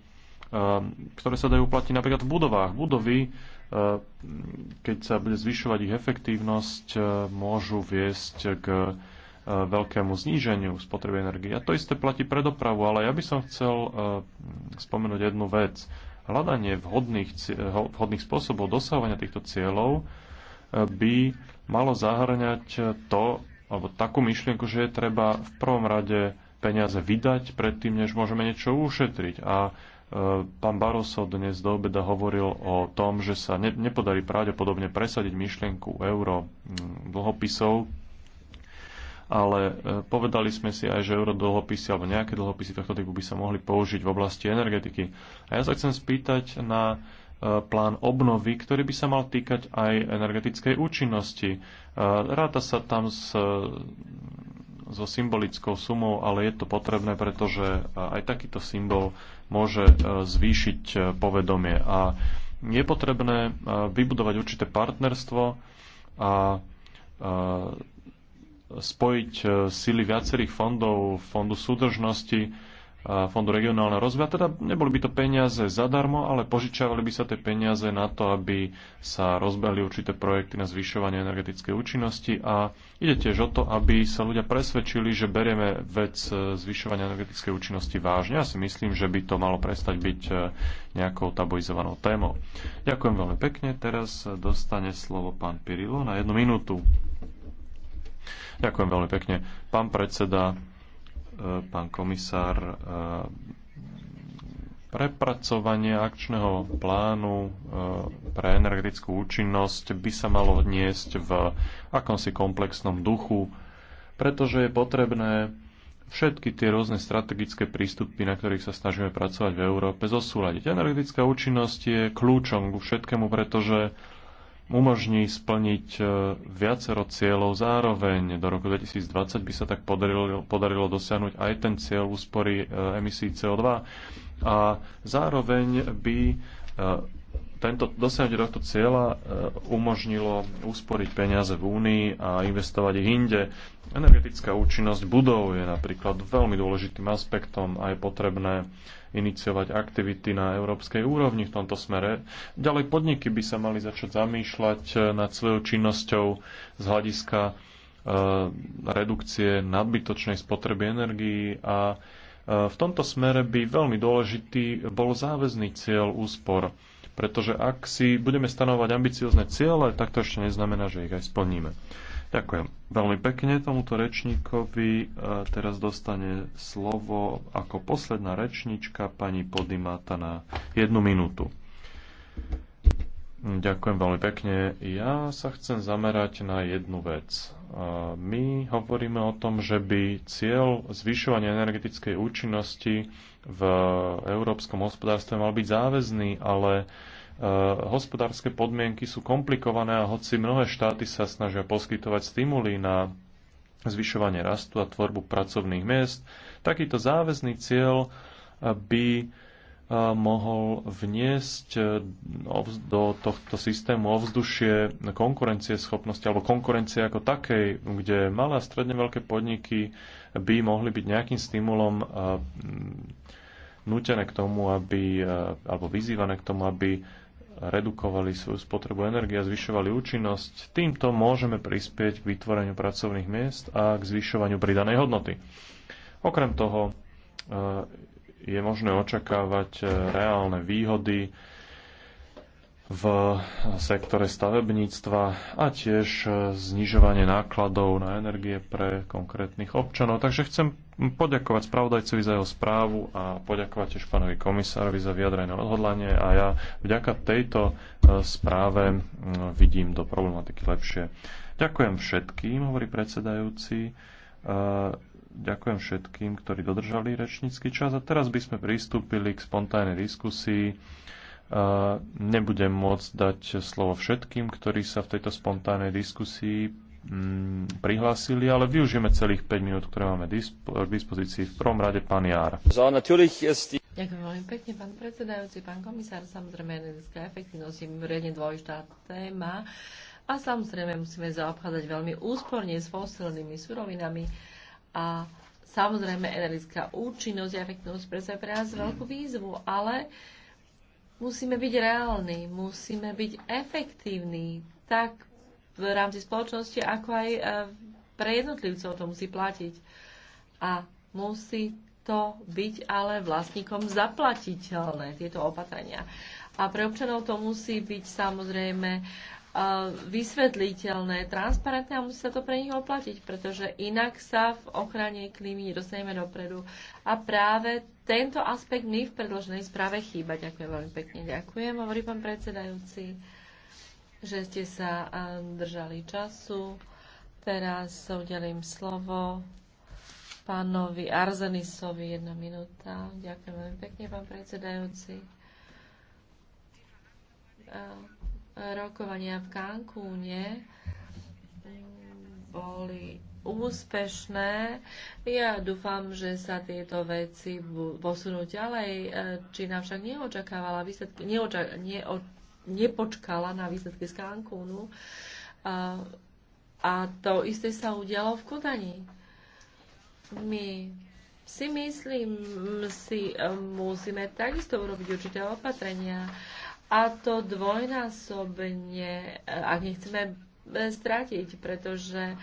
ktoré sa dajú uplatniť napríklad v budovách. Budovy, eh, keď sa bude zvyšovať ich efektívnosť, eh, môžu viesť k veľkému zníženiu spotreby energie. A to isté platí pre dopravu, ale ja by som chcel spomenúť jednu vec hľadanie vhodných, vhodných spôsobov dosahovania týchto cieľov e, by malo zahrňať to, alebo takú myšlienku, že je treba v prvom rade peniaze vydať predtým, než môžeme niečo ušetriť. A e, pán Barroso dnes do obeda hovoril o tom, že sa nepodarí pravdepodobne presadiť myšlienku euro dlhopisov, ale e, povedali sme si aj, že eurodlhopisy alebo nejaké dlhopisy tohto typu by sa mohli použiť v oblasti energetiky. A ja sa chcem spýtať na e, plán obnovy, ktorý by sa mal týkať aj energetickej účinnosti. E, ráta sa tam s, so symbolickou sumou, ale je to potrebné, pretože aj takýto symbol môže zvýšiť povedomie. A je potrebné vybudovať určité partnerstvo a spojiť e, sily viacerých fondov, fondu súdržnosti, fondu regionálneho rozvoja. Teda neboli by to peniaze zadarmo, ale požičiavali by sa tie peniaze na to, aby sa rozbehli určité projekty na zvyšovanie energetickej účinnosti a ide tiež o to, aby sa ľudia presvedčili, že berieme vec e, zvyšovania energetickej účinnosti vážne. Ja si myslím, že by to malo prestať byť e, nejakou tabuizovanou témou. Ďakujem veľmi pekne. Teraz dostane slovo pán Pirilo na jednu minútu. Ďakujem veľmi pekne. Pán predseda, e, pán komisár, e, prepracovanie akčného plánu e, pre energetickú účinnosť by sa malo odniesť v akomsi komplexnom duchu, pretože je potrebné všetky tie rôzne strategické prístupy, na ktorých sa snažíme pracovať v Európe, zosúľadiť. Energetická účinnosť je kľúčom ku všetkému, pretože umožní splniť e, viacero cieľov zároveň. Do roku 2020 by sa tak podarilo, podarilo dosiahnuť aj ten cieľ úspory e, emisí CO2 a zároveň by e, tento, dosiahnutie tohto cieľa umožnilo usporiť peniaze v Únii a investovať ich inde. Energetická účinnosť budov je napríklad veľmi dôležitým aspektom a je potrebné iniciovať aktivity na európskej úrovni v tomto smere. Ďalej podniky by sa mali začať zamýšľať eh, nad svojou činnosťou z hľadiska eh, redukcie nadbytočnej spotreby energií a eh, v tomto smere by veľmi dôležitý bol záväzný cieľ úspor, pretože ak si budeme stanovať ambiciozne ciele, tak to ešte neznamená, že ich aj splníme. Ďakujem veľmi pekne tomuto rečníkovi. E, teraz dostane slovo ako posledná rečníčka pani Podimata na jednu minútu. Ďakujem veľmi pekne. Ja sa chcem zamerať na jednu vec. E, my hovoríme o tom, že by cieľ zvyšovania energetickej účinnosti v európskom hospodárstve mal byť záväzný, ale Eh, hospodárske podmienky sú komplikované a hoci mnohé štáty sa snažia poskytovať stimuly na zvyšovanie rastu a tvorbu pracovných miest, takýto záväzný cieľ eh, by eh, mohol vniesť do tohto systému ovzdušie konkurencie schopnosti alebo konkurencie ako takej, kde malé a stredne veľké podniky by mohli byť nejakým stimulom nutené k tomu, aby, alebo vyzývané k tomu, aby redukovali svoju spotrebu energie a zvyšovali účinnosť. Týmto môžeme prispieť k vytvoreniu pracovných miest a k zvyšovaniu pridanej hodnoty. Okrem toho e, je možné očakávať e, reálne výhody v sektore stavebníctva a tiež e, znižovanie nákladov na energie pre konkrétnych občanov. Takže chcem poďakovať spravodajcovi za jeho správu a poďakovať tiež pánovi komisárovi za vyjadrené odhodlanie a ja vďaka tejto e, správe vidím do problematiky lepšie. Ďakujem všetkým, hovorí predsedajúci. E, ďakujem všetkým, ktorí dodržali rečnícky čas a teraz by sme pristúpili k spontánnej diskusii. Nebudem môcť dať slovo všetkým, ktorí sa v tejto spontánnej diskusii mm, prihlásili, ale využijeme celých 5 minút, ktoré máme k dispozícii. V prvom rade pán Jár. Ďakujem veľmi pekne, pán predsedajúci, pán komisár. Samozrejme, energetická efektivnosť je mimoriadne dôležitá téma a samozrejme musíme zaobchádzať veľmi úsporne s fosilnými surovinami a samozrejme energetická účinnosť a efektivnosť predstavuje pre nás mm. veľkú výzvu, ale uh, musíme byť reálni, musíme byť efektívni, tak v rámci spoločnosti, ako aj e, pre jednotlivcov to musí platiť. A musí to byť ale vlastníkom zaplatiteľné, tieto opatrenia. A pre občanov to musí byť samozrejme uh, vysvetliteľné, transparentné a musí sa to pre nich oplatiť, pretože inak sa v ochrane klímy nedostaneme dopredu. A práve tento aspekt mi v predloženej správe chýba. Ďakujem veľmi pekne. Ďakujem, hovorí pán predsedajúci, že ste sa držali času. Teraz udelím slovo pánovi Arzenisovi. Jedna minúta. Ďakujem veľmi pekne, pán predsedajúci. Uh rokovania v Cancúne boli úspešné. Ja dúfam, že sa tieto veci posunú ďalej. E, Čína však neočakávala výsledky, neoča, neo, nepočkala na výsledky z Cancúnu. A, a to isté sa udialo v Kodani. My si myslím, si e, musíme takisto urobiť určité opatrenia. Uh, a to dvojnásobne, eh, ak nechceme eh, stratiť, pretože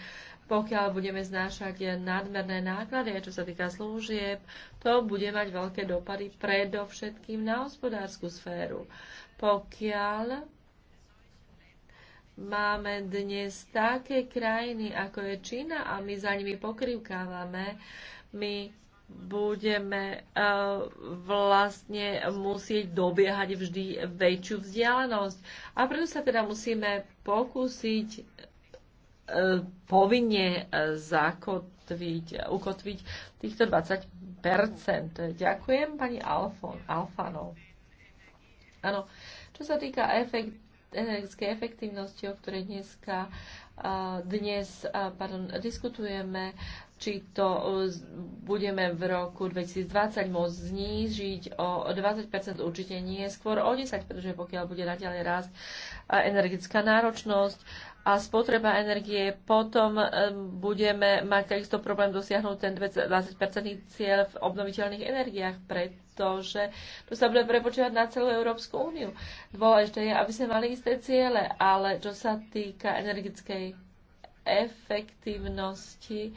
pokiaľ budeme znášať nadmerné náklady, čo sa týka služieb, to bude mať veľké dopady predovšetkým na hospodárskú sféru. Pokiaľ máme dnes také krajiny, ako je Čína, a my za nimi pokrivkávame, my budeme e, vlastne musieť dobiehať vždy väčšiu vzdialenosť. A preto sa teda musíme pokúsiť e, povinne e, zakotviť, ukotviť týchto 20 Ďakujem pani Alfon, Alfanov. Áno, čo sa týka efekt, energetickej efektivnosti, o ktorej dneska, dnes pardon, diskutujeme, či to e, budeme v roku 2020 môcť znížiť o 20 určite nie, skôr o 10 pretože pokiaľ bude naďalej rásť e, energetická náročnosť a spotreba energie, potom e, budeme mať takisto problém dosiahnuť ten 20 cieľ v obnoviteľných energiách, pretože to sa bude prepočívať na celú Európsku úniu. Dôležité je, aby sme mali isté ciele, ale čo sa týka energetickej efektívnosti,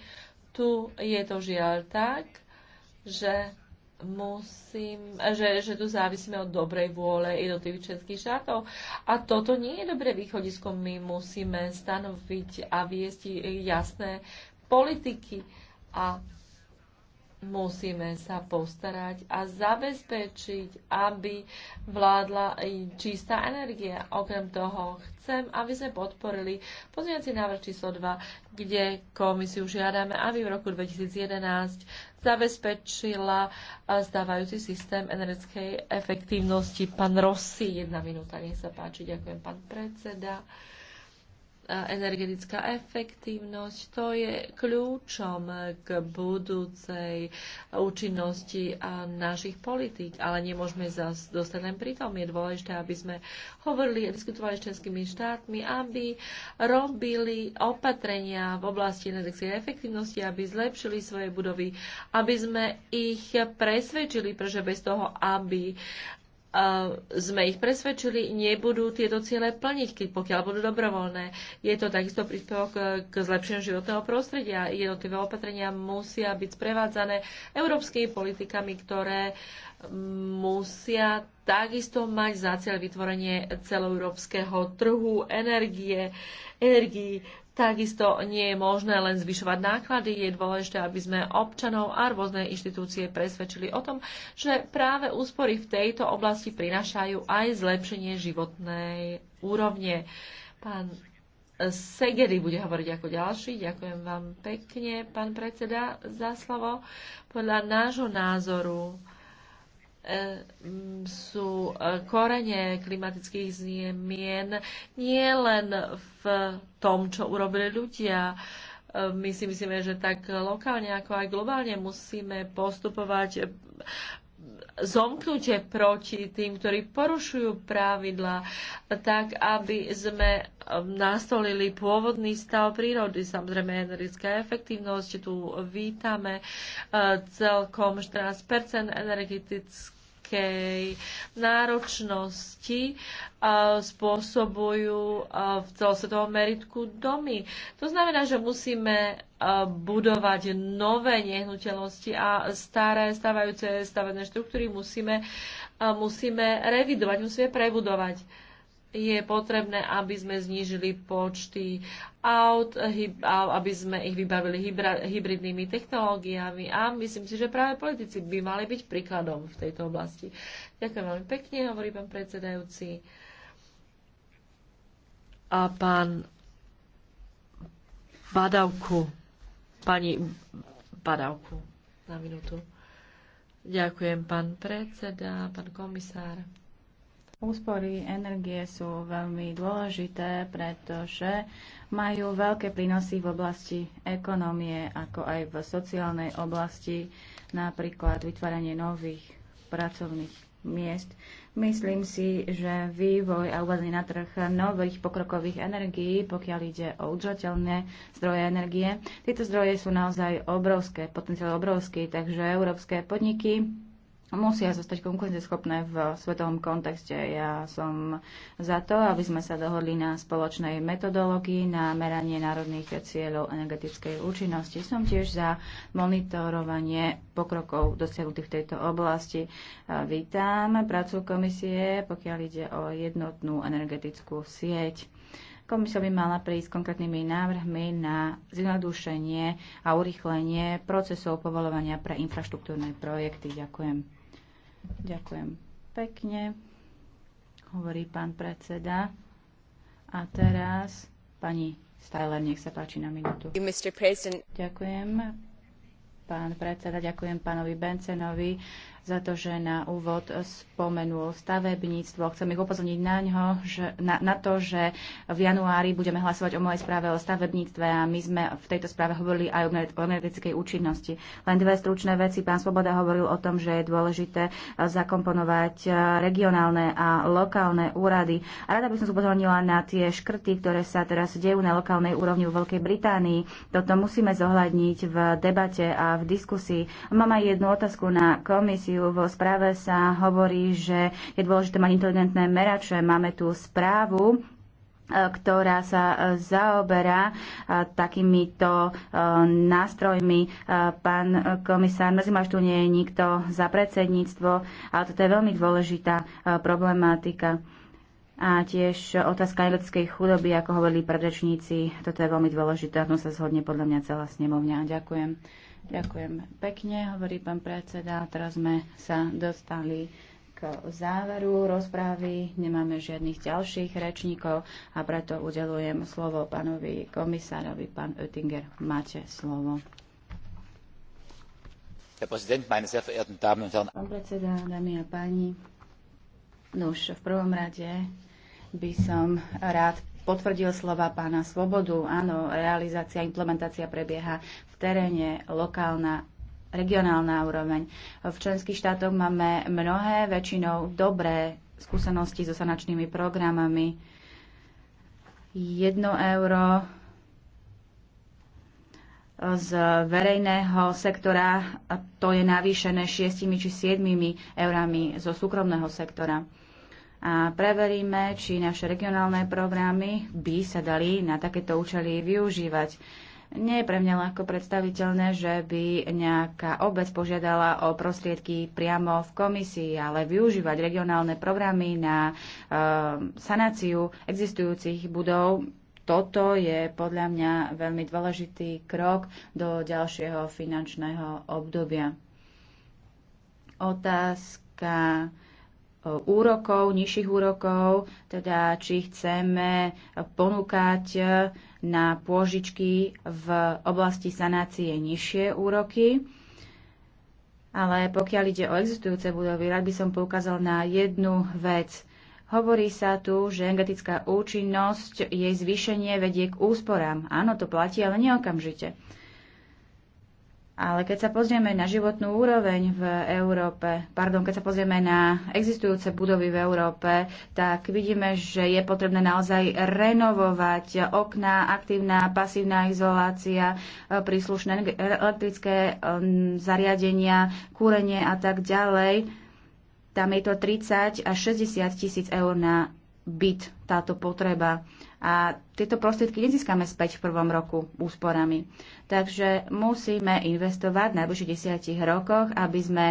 tu je to žiaľ tak, že musím, že, že tu závisíme od dobrej vôle tých českých štátov. A toto nie je dobré východisko. My musíme stanoviť a viesť jasné politiky a musíme sa postarať a zabezpečiť, aby vládla čistá energia. Okrem toho chcem, aby sme podporili pozmeňací návrh číslo 2, kde komisiu žiadame, aby v roku 2011 zabezpečila eh, zdávajúci systém energetickej efektívnosti. Pán Rossi, jedna minúta, nech sa páči. Ďakujem, pán predseda energetická efektívnosť, to je kľúčom k budúcej účinnosti našich politík, ale nemôžeme zas dostať len pri tom. Je dôležité, aby sme hovorili a diskutovali s českými štátmi, aby robili opatrenia v oblasti energetickej efektívnosti, aby zlepšili svoje budovy, aby sme ich presvedčili, pretože bez toho, aby sme ich presvedčili, nebudú tieto ciele plniť, keď pokiaľ budú dobrovoľné. Je to takisto príspevok e, k zlepšeniu životného prostredia. Jednotlivé opatrenia musia byť sprevádzané európskymi politikami, ktoré musia takisto mať za cieľ vytvorenie celoeurópskeho trhu energie, energii, Takisto nie je možné len zvyšovať náklady, je dôležité, aby sme občanov a rôzne inštitúcie presvedčili o tom, že práve úspory v tejto oblasti prinašajú aj zlepšenie životnej úrovne. Pán Segedy bude hovoriť ako ďalší. Ďakujem vám pekne, pán predseda, za slovo. Podľa nášho názoru sú e, korene klimatických zmien nie len v tom, čo urobili ľudia. E, my si myslíme, že tak lokálne ako aj globálne musíme postupovať e, zomknutie proti tým, ktorí porušujú pravidla, tak aby sme nastolili pôvodný stav prírody. Samozrejme, energetická efektívnosť, tu vítame celkom 14 energetických vysokej náročnosti spôsobujú v celosvetovom meritku domy. To znamená, že musíme budovať nové nehnuteľnosti a staré stávajúce stavebné štruktúry musíme, musíme revidovať, musíme prebudovať je potrebné, aby sme znížili počty aut, aby sme ich vybavili hybridnými technológiami a myslím si, že práve politici by mali byť príkladom v tejto oblasti. Ďakujem veľmi pekne, hovorí pán predsedajúci. A pán Badavku, pani Badavku na minútu. Ďakujem, pán predseda, pán komisár. Úspory energie sú veľmi dôležité, pretože majú veľké prínosy v oblasti ekonomie, ako aj v sociálnej oblasti, napríklad vytváranie nových pracovných miest. Myslím si, že vývoj a uvádzanie na trh nových pokrokových energií, pokiaľ ide o udržateľné zdroje energie, tieto zdroje sú naozaj obrovské, potenciál obrovský, takže európske podniky musia zostať konkurenceschopné v svetovom kontexte. Ja som za to, aby sme sa dohodli na spoločnej metodológii na meranie národných cieľov energetickej účinnosti. Som tiež za monitorovanie pokrokov dosiahnutých v tejto oblasti. Vítam prácu komisie, pokiaľ ide o jednotnú energetickú sieť. Komisia by mala prísť s konkrétnymi návrhmi na zjednodušenie a urýchlenie procesov povolovania pre infraštruktúrne projekty. Ďakujem. Ďakujem pekne, hovorí pán predseda. A teraz pani Stajler, nech sa páči na minútu. Ďakujem, pán predseda, ďakujem pánovi Bencenovi za to, že na úvod spomenul stavebníctvo. Chcem ich upozorniť na, ňo, že, na, na to, že v januári budeme hlasovať o mojej správe o stavebníctve a my sme v tejto správe hovorili aj o energetickej účinnosti. Len dve stručné veci. Pán Svoboda hovoril o tom, že je dôležité eh, zakomponovať eh, regionálne a lokálne úrady. A rada by som upozornila na tie škrty, ktoré sa teraz dejú na lokálnej úrovni vo Veľkej Británii. Toto musíme zohľadniť v debate a v diskusii. Mám aj jednu otázku na komisiu v správe sa hovorí, že je dôležité mať inteligentné merače. Máme tu správu e, ktorá sa e, zaoberá e, takýmito nástrojmi. Pán komisár že tu nie je nikto za predsedníctvo, ale toto je veľmi dôležitá problematika. A tiež otázka ľudskej chudoby, ako hovorili predrečníci, toto je veľmi dôležité, A tom sa zhodne podľa mňa celá snemovňa. Ďakujem. Ďakujem pekne, hovorí pán predseda. Teraz sme sa dostali k záveru rozprávy. Nemáme žiadnych ďalších rečníkov a preto udelujem slovo pánovi komisárovi. Pán Oettinger, máte slovo. Pán predseda, dámy a páni, nuž, v prvom rade by som rád potvrdil slova pána Svobodu. Áno, realizácia, implementácia prebieha teréne, lokálna, regionálna úroveň. V členských štátoch máme mnohé, väčšinou dobré skúsenosti so sanačnými programami. 1 euro z verejného sektora, to je navýšené 6 či 7 eurami zo súkromného sektora. A preveríme, či naše regionálne programy by sa dali na takéto účely využívať. Nie je pre mňa ľahko predstaviteľné, že by nejaká obec požiadala o prostriedky priamo v komisii, ale využívať regionálne programy na ehm, sanáciu existujúcich budov toto je podľa mňa veľmi dôležitý krok do ďalšieho finančného obdobia. Otázka e, úrokov, nižších úrokov, teda či chceme ponúkať na pôžičky v oblasti sanácie nižšie úroky. Ale pokiaľ ide o existujúce budovy, rád by som poukázal na jednu vec. Hovorí sa tu, že energetická účinnosť, jej zvýšenie vedie k úsporám. Áno, to platí, ale neokamžite. okamžite. Ale keď sa pozrieme na životnú úroveň v Európe, pardon, keď sa pozrieme na existujúce budovy v Európe, tak vidíme, že je potrebné naozaj renovovať okná, aktívna, pasívna izolácia, e, príslušné e, elektrické e, zariadenia, kúrenie a tak ďalej. Tam je to 30 až 60 tisíc eur na byt táto potreba. A tieto prostriedky nezískame späť v prvom roku úsporami. Takže musíme investovať v najbližších desiatich rokoch, aby sme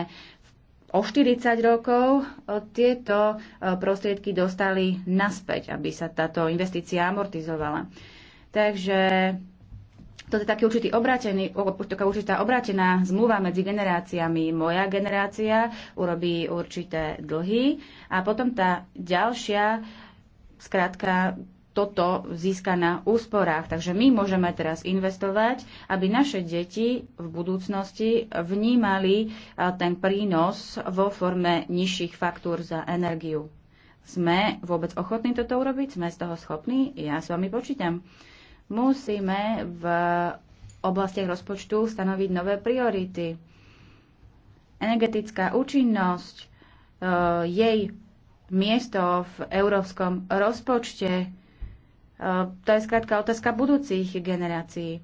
o 40 rokov e, tieto e, prostriedky dostali naspäť, aby sa táto investícia amortizovala. Takže to je taký určitý obrátený, taká určitá obrátená zmluva medzi generáciami. Moja generácia urobí určité dlhy a potom tá ďalšia Skrátka, toto získa na úsporách. Takže my môžeme teraz investovať, aby naše deti v budúcnosti vnímali e, ten prínos vo forme nižších faktúr za energiu. Sme vôbec ochotní toto urobiť? Sme z toho schopní? Ja s vami počítam. Musíme v oblastiach rozpočtu stanoviť nové priority. Energetická účinnosť, e, jej miesto v európskom rozpočte. E, to je skrátka otázka budúcich generácií.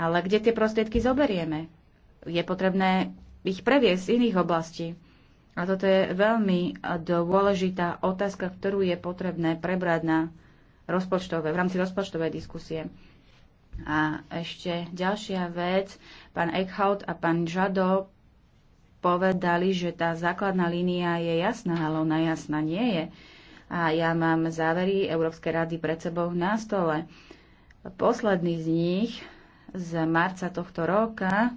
Ale kde tie prostriedky zoberieme? Je potrebné ich previesť z iných oblastí. A toto je veľmi dôležitá otázka, ktorú je potrebné prebrať na rozpočtové, v rámci rozpočtovej diskusie. A ešte ďalšia vec, pán Eckhout a pán Žado povedali, že tá základná línia je jasná, ale ona jasná nie je. A ja mám závery Európskej rady pred sebou na stole. Posledný z nich z marca tohto roka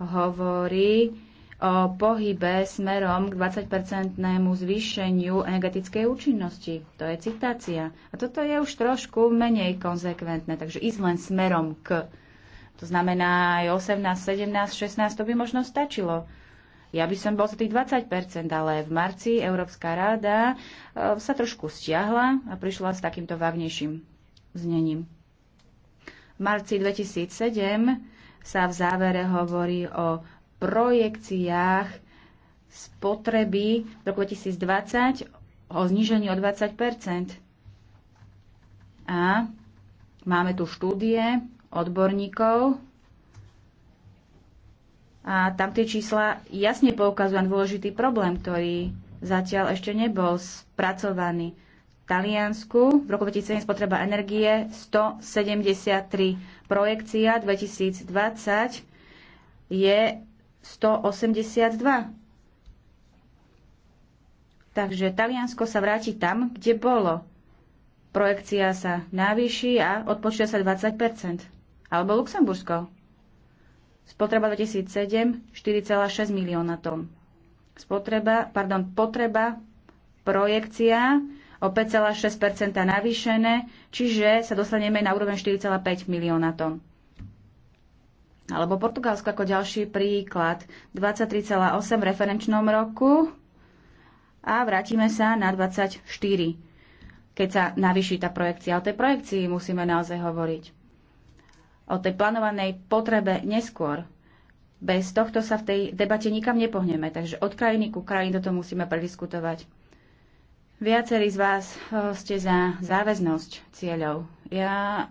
hovorí o pohybe smerom k 20-percentnému zvýšeniu energetickej účinnosti. To je citácia. A toto je už trošku menej konzekventné, takže ísť len smerom k. To znamená aj 18, 17, 16, to by možno stačilo. Ja by som bol za tých 20%, ale v marci Európska rada eh, sa trošku stiahla a prišla s takýmto vágnejším znením. V marci 2007 sa v závere hovorí o projekciách spotreby v roku 2020 o znižení o 20 A máme tu štúdie odborníkov, a tam tie čísla jasne poukazujú na dôležitý problém, ktorý zatiaľ ešte nebol spracovaný. V Taliansku v roku 2007 spotreba energie 173. Projekcia 2020 je 182. Takže Taliansko sa vráti tam, kde bolo. Projekcia sa navýši a odpočíta sa 20 Alebo Luxembursko Spotreba 2007 4,6 milióna tón. Spotreba, pardon, potreba, projekcia o 5,6 navýšené, čiže sa dostaneme na úroveň 4,5 milióna tón. Alebo Portugalsko ako ďalší príklad 23,8 v referenčnom roku a vrátime sa na 24, keď sa navýši tá projekcia. O tej projekcii musíme naozaj hovoriť o tej plánovanej potrebe neskôr. Bez tohto sa v tej debate nikam nepohneme, takže od krajiny ku krajine toto musíme prediskutovať. Viacerí z vás eh, ste za záväznosť cieľov. Ja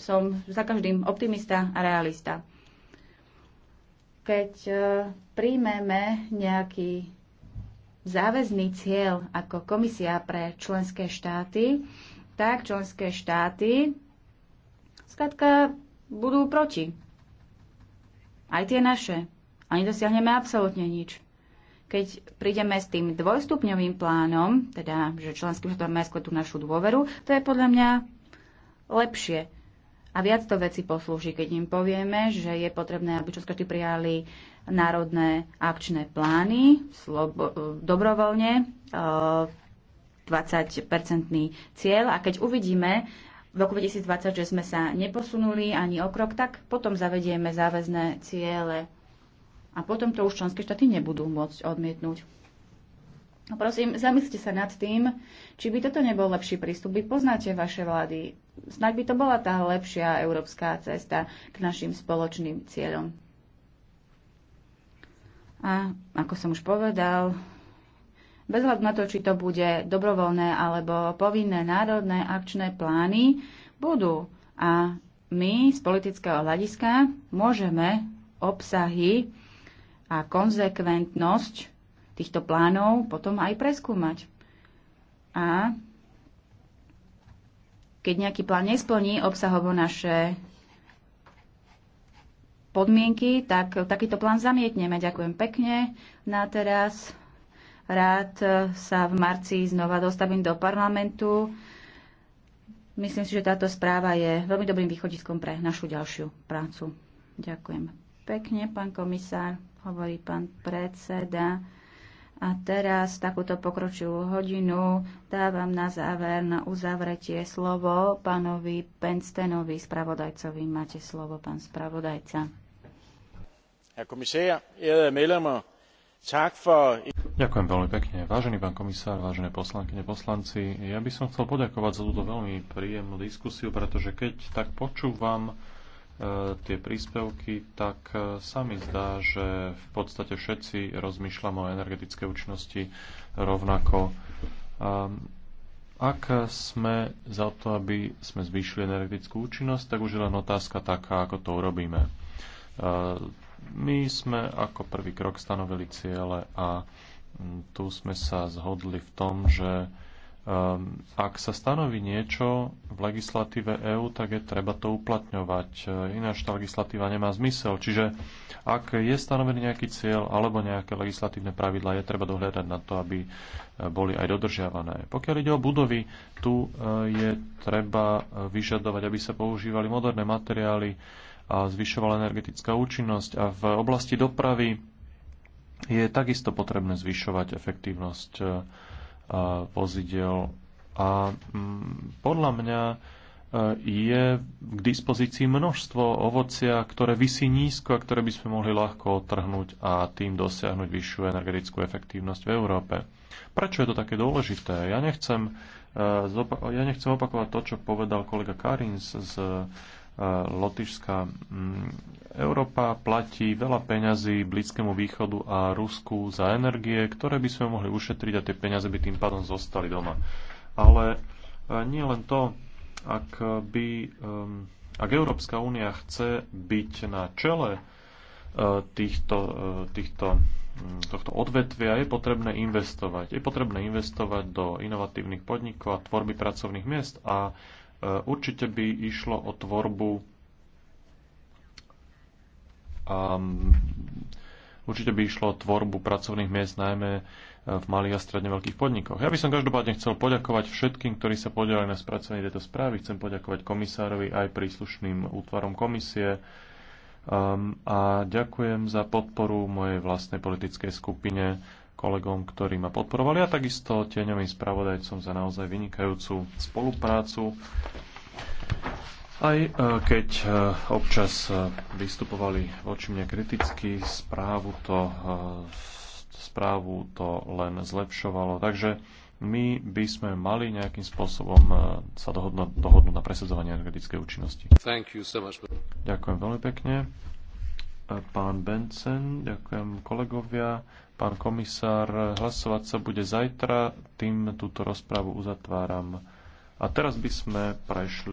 som za každým optimista a realista. Keď eh, príjmeme nejaký záväzný cieľ ako komisia pre členské štáty, tak členské štáty Skladka budú proti. Aj tie naše. A nedosiahneme absolútne nič. Keď prídeme s tým dvojstupňovým plánom, teda, že členským štátom majú tú našu dôveru, to je podľa mňa lepšie. A viac to veci poslúži, keď im povieme, že je potrebné, aby členské štáty prijali národné akčné plány slobo, dobrovoľne, 20-percentný eh, cieľ. A keď uvidíme, v roku 2020, že sme sa neposunuli ani o krok, tak potom zavedieme záväzné ciele a potom to už členské štáty nebudú môcť odmietnúť. Prosím, zamyslite sa nad tým, či by toto nebol lepší prístup. Vy poznáte vaše vlády. Snaď by to bola tá lepšia európska cesta k našim spoločným cieľom. A ako som už povedal, bez hľadu na to, či to bude dobrovoľné alebo povinné národné akčné plány, budú. A my z politického hľadiska môžeme obsahy a konzekventnosť týchto plánov potom aj preskúmať. A keď nejaký plán nesplní obsahovo naše podmienky, tak takýto plán zamietneme. Ďakujem pekne. Na teraz rád e, sa v marci znova dostavím do parlamentu. Myslím si, že táto správa je veľmi dobrým východiskom pre našu ďalšiu prácu. Ďakujem pekne, pán komisár, hovorí pán predseda. A teraz takúto pokročilú hodinu dávam na záver, na uzavretie slovo pánovi Penstenovi, spravodajcovi. Máte slovo, pán spravodajca. Herr Kommissär, ärede medlemmer, Ďakujem veľmi pekne. Vážený pán komisár, vážené poslankyne, poslanci, ja by som chcel poďakovať za túto veľmi príjemnú diskusiu, pretože keď tak počúvam e, tie príspevky, tak e, sa mi zdá, že v podstate všetci rozmýšľame o energetickej účinnosti rovnako. E, ak sme za to, aby sme zvýšili energetickú účinnosť, tak už je len otázka taká, ako to urobíme. E, my sme ako prvý krok stanovili ciele a mm, tu sme sa zhodli v tom, že um, ak sa stanoví niečo v legislatíve EÚ, tak je treba to uplatňovať. E, ináč tá legislatíva nemá zmysel. Čiže ak je stanovený nejaký cieľ alebo nejaké legislatívne pravidla, je treba dohľadať na to, aby e, boli aj dodržiavané. Pokiaľ ide o budovy, tu e, je treba vyžadovať, aby sa používali moderné materiály, zvyšovala energetická účinnosť a v oblasti dopravy je takisto potrebné zvyšovať efektívnosť vozidel. A mm, podľa mňa e, je k dispozícii množstvo ovocia, ktoré vysí nízko a ktoré by sme mohli ľahko odtrhnúť a tým dosiahnuť vyššiu energetickú efektívnosť v Európe. Prečo je to také dôležité? Ja nechcem, e, ja nechcem opakovať to, čo povedal kolega Karins z Lotyšská. Mm, Európa platí veľa peňazí Blízkému východu a Rusku za energie, ktoré by sme mohli ušetriť a tie peniaze by tým pádom zostali doma. Ale e, nie len to, ak, by, ak Európska únia chce byť na čele e, týchto, e, týchto, mm, tohto odvetvia, je potrebné investovať. Je potrebné investovať do inovatívnych podnikov a tvorby pracovných miest a E, určite by išlo o tvorbu um, určite by išlo o tvorbu pracovných miest najmä e, v malých a stredne veľkých podnikoch. Ja by som každopádne chcel poďakovať všetkým, ktorí sa podielali na spracovanie tejto správy. Chcem poďakovať komisárovi aj príslušným útvarom komisie um, a ďakujem za podporu mojej vlastnej politickej skupine kolegom, ktorí ma podporovali a takisto tieňovým spravodajcom za naozaj vynikajúcu spoluprácu. Aj e, keď e, občas e, vystupovali voči mne kriticky, správu to, správu to len zlepšovalo. Takže my by sme mali nejakým spôsobom sa dohodnúť, dohodnúť na presadzovanie energetickej účinnosti. Thank you so much. Ďakujem veľmi pekne. Pán Bencen, ďakujem kolegovia pán komisár. Hlasovať sa bude zajtra, tým túto rozprávu uzatváram. A teraz by sme prešli.